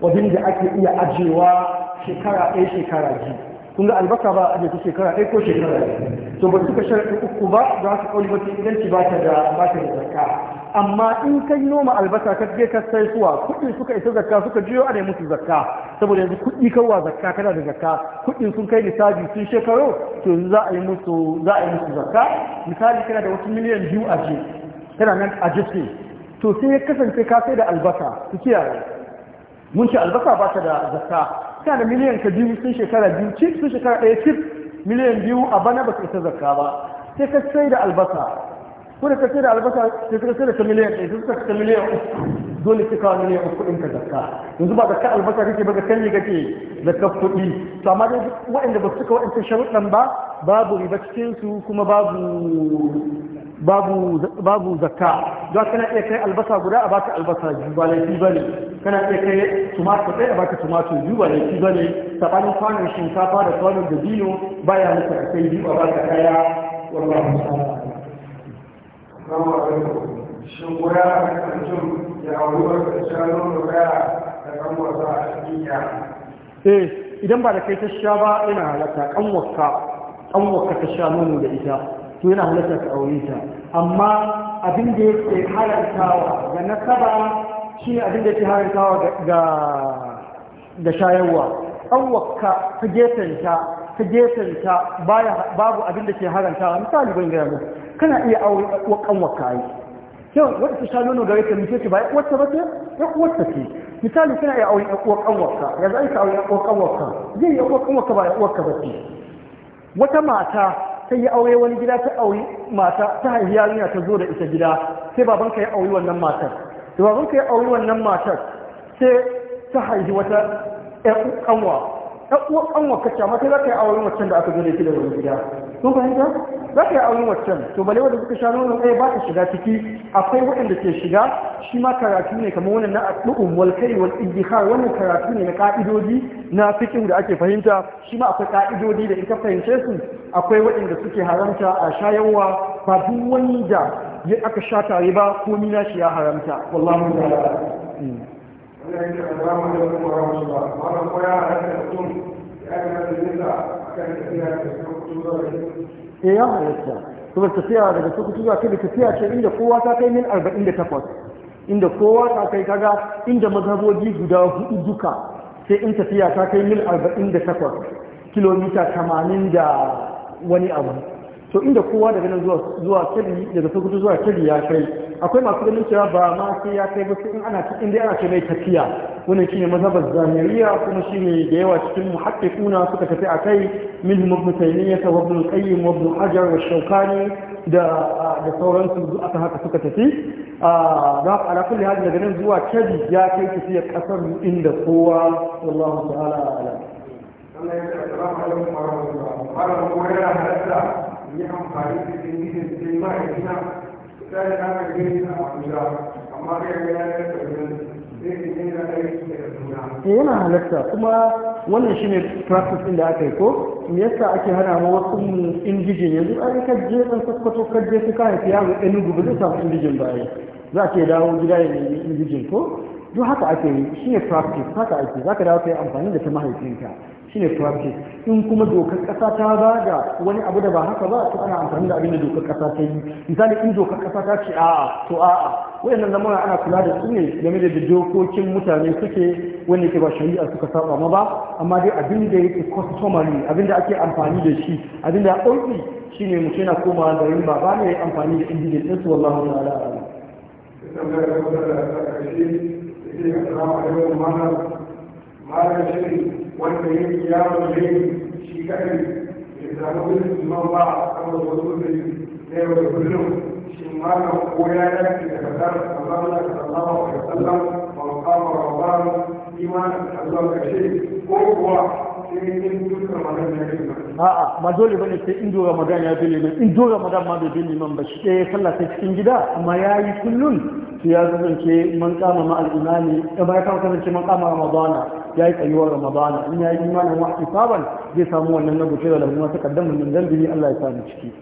wadin da ake iya ajewa shekara ɗaya shekara biyu kun ga albasa ba a ta shekara ɗaya ko shekara biyu to ba suka sharaɗi uku ba za su kauli mafi inganci ba ta da ba ta da zakka amma in ka noma albasa ka je ka sai suwa kuɗin suka isa zakka suka jiyo ana musu zakka saboda yanzu kuɗi kawa zakka kana da zakka kuɗin sun kai misali sun shekaru to yanzu za a yi musu za a yi musu zakka misali kana da wasu miliyan biyu a je kana nan a jifte to sai ya kasance ka sai da albasa su kiyaye mun ce albasa ba ta da zakka kana da miliyan ka biyu sun shekara biyu cif sun shekara ɗaya cif miliyan biyu a bana ba su isa zakka ba sai ka sai da albasa ko da ka sai da albasa sai suka sai da ta miliyan ɗaya sai suka ta miliyan uku dole sai ka miliyan uku kuɗin ka zakka yanzu ba zakka albasa kake ba ka ne kake zakka kuɗi to amma dai waɗanda ba su cika waɗancan sharuɗan ba babu riba cikin su kuma babu babu babu zakka don kana iya kai albasa guda a baka albasa biyu ba laifi bane kana iya kai tumatur ɗaya a baka tumatur biyu ba laifi bane tsakanin kwanon shinkafa da kwanon dabino baya muka kai biyu a baka kaya wallahu ta'ala shin a da a eh idan ba da kai ta sha ba yana halatta kan wakka ta sha nono da ita to yana halatta ka aure ta amma abin da yake halartawa ga nasaba shi abin da yake halartawa ga da shayarwa an ta gefenta ta gefenta babu abin da ke halartawa misali ban gaya muku kana iya aure wa kanwa kai yau wata ta shalo no gare ka mace ce ba ya uwarta ba ce ya uwarta ce misali kana iya aure wa uwar kanwarka ya za ka aure wa uwar kanwarka zai ya uwar kanwarka ba ya uwarka ba ce wata mata sai ya aure wani gida ta aure mata ta haifi yarinya ta zo da ita gida sai baban ka ya aure wannan matar da ka ya aure wannan matar sai ta haifi wata ƴan kanwa ta uwa an wakacce mata za ka yi auren waccan da aka zo da ita daga wani gida kun fahimta za ka yi auren waccan to bale wanda suka sha nono ɗaya ba ta shiga ciki akwai waɗanda ke shiga shi ma karatu ne kamar wannan na addu'um wal kai wal wannan karatu ne na ka'idodi na fikin da ake fahimta shi ma akwai ka'idodi da in ka fahimce su akwai waɗanda suke haramta a shayarwa ba duk da ya aka sha tare ba ko mina shi ya haramta wallahi ta'ala hmm. wannan yake da zamu da kuma ramu ba wannan da ya ga da eh ya kuma tafiya daga kudu zuwa kai tafiya ce inda kowa ta kai min takwas, inda kowa ta kai kaga inda mazhabobi guda hudu duka sai in tafiya ta kai da takwas kilomita tamanin da wani abu to inda kowa daga nan zuwa zuwa daga sokoto zuwa kebbi ya kai akwai masu ganin cewa ba ma sai ya kai ba in ana cikin dai ana ce mai tafiya wannan shine mazhabar zamiriya kuma ne da yawa cikin muhaqqiquna suka tafi akai kai. ibn taymiyyah wa ibn qayyim wa ibn hajar wa shawkani da da sauransu aka haka suka tafi a ah, za ku ala kulli daga nan zuwa kadi ya kai tafiya kasar inda kowa wallahu ta'ala ala Allah ya tsara alaikum wa rahmatullahi wa ya Ana mu yana halatta amfani da cikin gidan sai ma ya sai ga na amma ga ya ta yana halatta kuma wannan shine practice din da aka yi ko me yasa ake hana ma wasu indijin yanzu an ka je san sakkwato ka je ka kai fiya ga ɗan gobe zai samu indijin baya za ke dawo gida ya nemi indijin ko duk haka ake yi shine practice haka ake za ka dawo ka yi amfani da ta mahaifinka shine practice in kuma dokar kasa ta ba da wani abu da ba haka ba to ana amfani da abin da dokar kasa ta yi misali in dokar kasa ta ce a'a to a'a wayannan lamura ana kula da su ne game da dokokin mutane suke wanda ke ba shari'a suka saba ma ba amma dai abin da yake customary abin da ake amfani da shi abin da ɗauki shine mutum yana komawa yin baba ne amfani da injin ɗinsu wallahu ta'ala a'lam. malam shirin wanda ya yi yawon shiri shi kaɗai ya samu wani imam ba a kama da wasu da na yau da kullum shi malam ko ya yaki da kasar Allah sallallahu alaihi wasallam wa qama rabban imanan Allah kashe ko kuwa A'a, ma dole ba ne sai in dora magan ya bi liman, in dora magan ma bai bi liman ba shi ɗaya sallah ta cikin gida, amma ya yi kullum su ya zazance man kama ma al'imani, ya bayan kama kasance man kama ramadana, ya yi tsayuwar ramadana in ya yi imanin wa ihtisaban zai samu wannan na gushe da lahu ma takaddamu nan dambi Allah ya sami ciki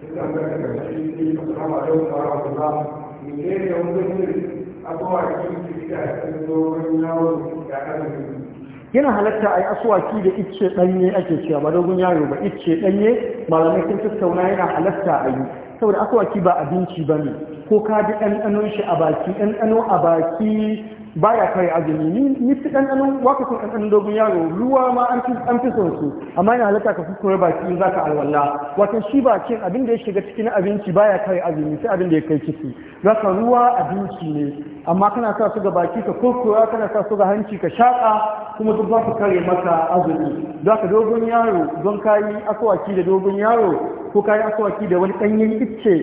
yana halatta a yi asuwaki da icce ɗanye ake cewa ba dogon yaro ba icce ɗanye malamai sun tattauna yana halatta a yi saboda aswaki ba abinci ba ne ko ka bi ɗanɗanon shi a baki ɗanɗano a baki baya kai azumi ni ni fi dan anan waka kun dan dogon yaro ruwa ma an fi an fi son su amma ina halatta ka kuskure baki in zaka alwala wato shi bakin abin da ya shiga cikin abinci baya kai azumi sai abin da ya kai ciki zaka ruwa abinci ne amma kana sa su ga baki ka kurkura kana sa su ga hanci ka shaƙa kuma duk ba su kare maka azumi za ka dogon yaro don kayi asawaki da dogon yaro ko kayi asawaki da wani ɗanyen icce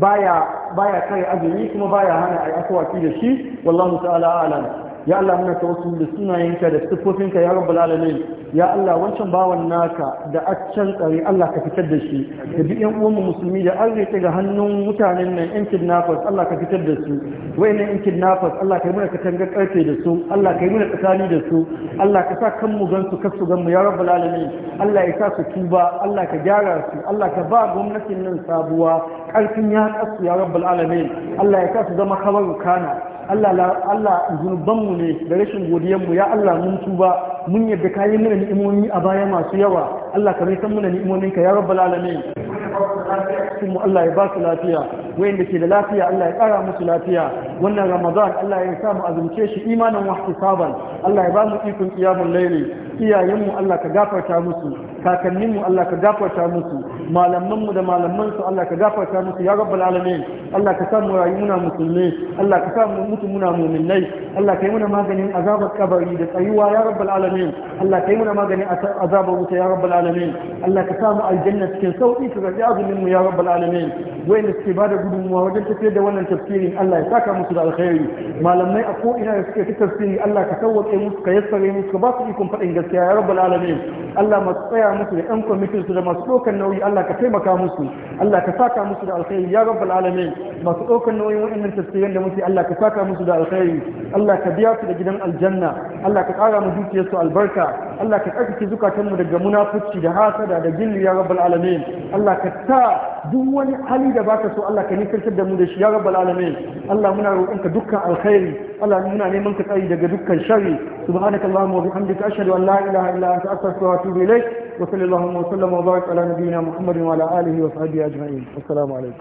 baya baya kare azumi kuma baya hana a yi da shi wallahu ta'ala alam ya Allah muna wasu da sunayenka da siffofinka ya rabu lalamin ya Allah wancan bawan naka da a can tsari Allah ka fitar da shi da duk yan uwan musulmi da an rike ga hannun mutanen nan yan kidnappers Allah ka fitar da su na yan kidnappers Allah ka yi mana katanga karfe da su Allah ka yi muna tsakani da su Allah ka sa kan mu gan su kasu gan ya rabu lalamin Allah ya sa su tuba Allah ka gyara su Allah ka ba gwamnatin nan sabuwa karfin ya kasu ya rabu lalamin Allah ya sa su zama kamar kana Allah zunubanmu ne da rashin godiyanmu ya Allah mun tuba mun yadda kayi mana ni'imomi a baya masu yawa Allah ka san mana ni'imominka ya rabbal alamin mu Allah ya ba su lafiya wayanda ke da lafiya Allah ya kara musu lafiya wannan Ramadan Allah ya sa mu azumce shi imanin wahtisaban Allah ya ba mu ikon iyamun layli iyayenmu Allah ka gafarta musu kakanninmu Allah ka gafarta musu malamanmu da malaman su Allah ka gafarta musu ya rabbal alamin Allah ka mu rayu muna musulmi Allah ka mu mutu muna mu'minai Allah ka yi muna maganin azabar kabari da tsayuwa ya rabbal alamin Allah ka yi mana maganin azabar wuta ya rabbal alamin Allah ka samu aljanna cikin sauki ka ga azumin mu ya rabbal alamin da suke bada gudunmuwa wajen tafiyar da wannan tafsirin Allah ya saka musu da alkhairi malamai a ko ina da suke ta tafsiri Allah ka sauwaƙe musu ka yassare musu ka ba su ikon faɗin gaskiya ya rabbal alamin Allah masu tsaya musu da ƴan kwamitin su da masu ɗaukar nauyi Allah Allah ka taimaka musu Allah ka saka musu da alkhairi ya rabbal alamin masu ɗaukar nauyin wa'annan tafsirin da muke Allah ka saka musu da alkhairi Allah ka biya su da gidan aljanna Allah ka ƙara mu dukiyar su albarka Allah ka tsarkake zukatan mu daga munafici da hasada da gilli ya rabbal alamin Allah ka ta duk wani hali da baka so Allah ka nisantar da mu da shi ya rabbal alamin Allah muna roƙonka dukkan alkhairi Allah muna neman ka tsari daga dukkan sharri subhanakallahumma wa bihamdika ashhadu an la ilaha illa anta astaghfiruka wa atubu ilaik wa sallallahu wa sallama wa baraka محمد وعلى آله وصحبه أجمعين والسلام عليكم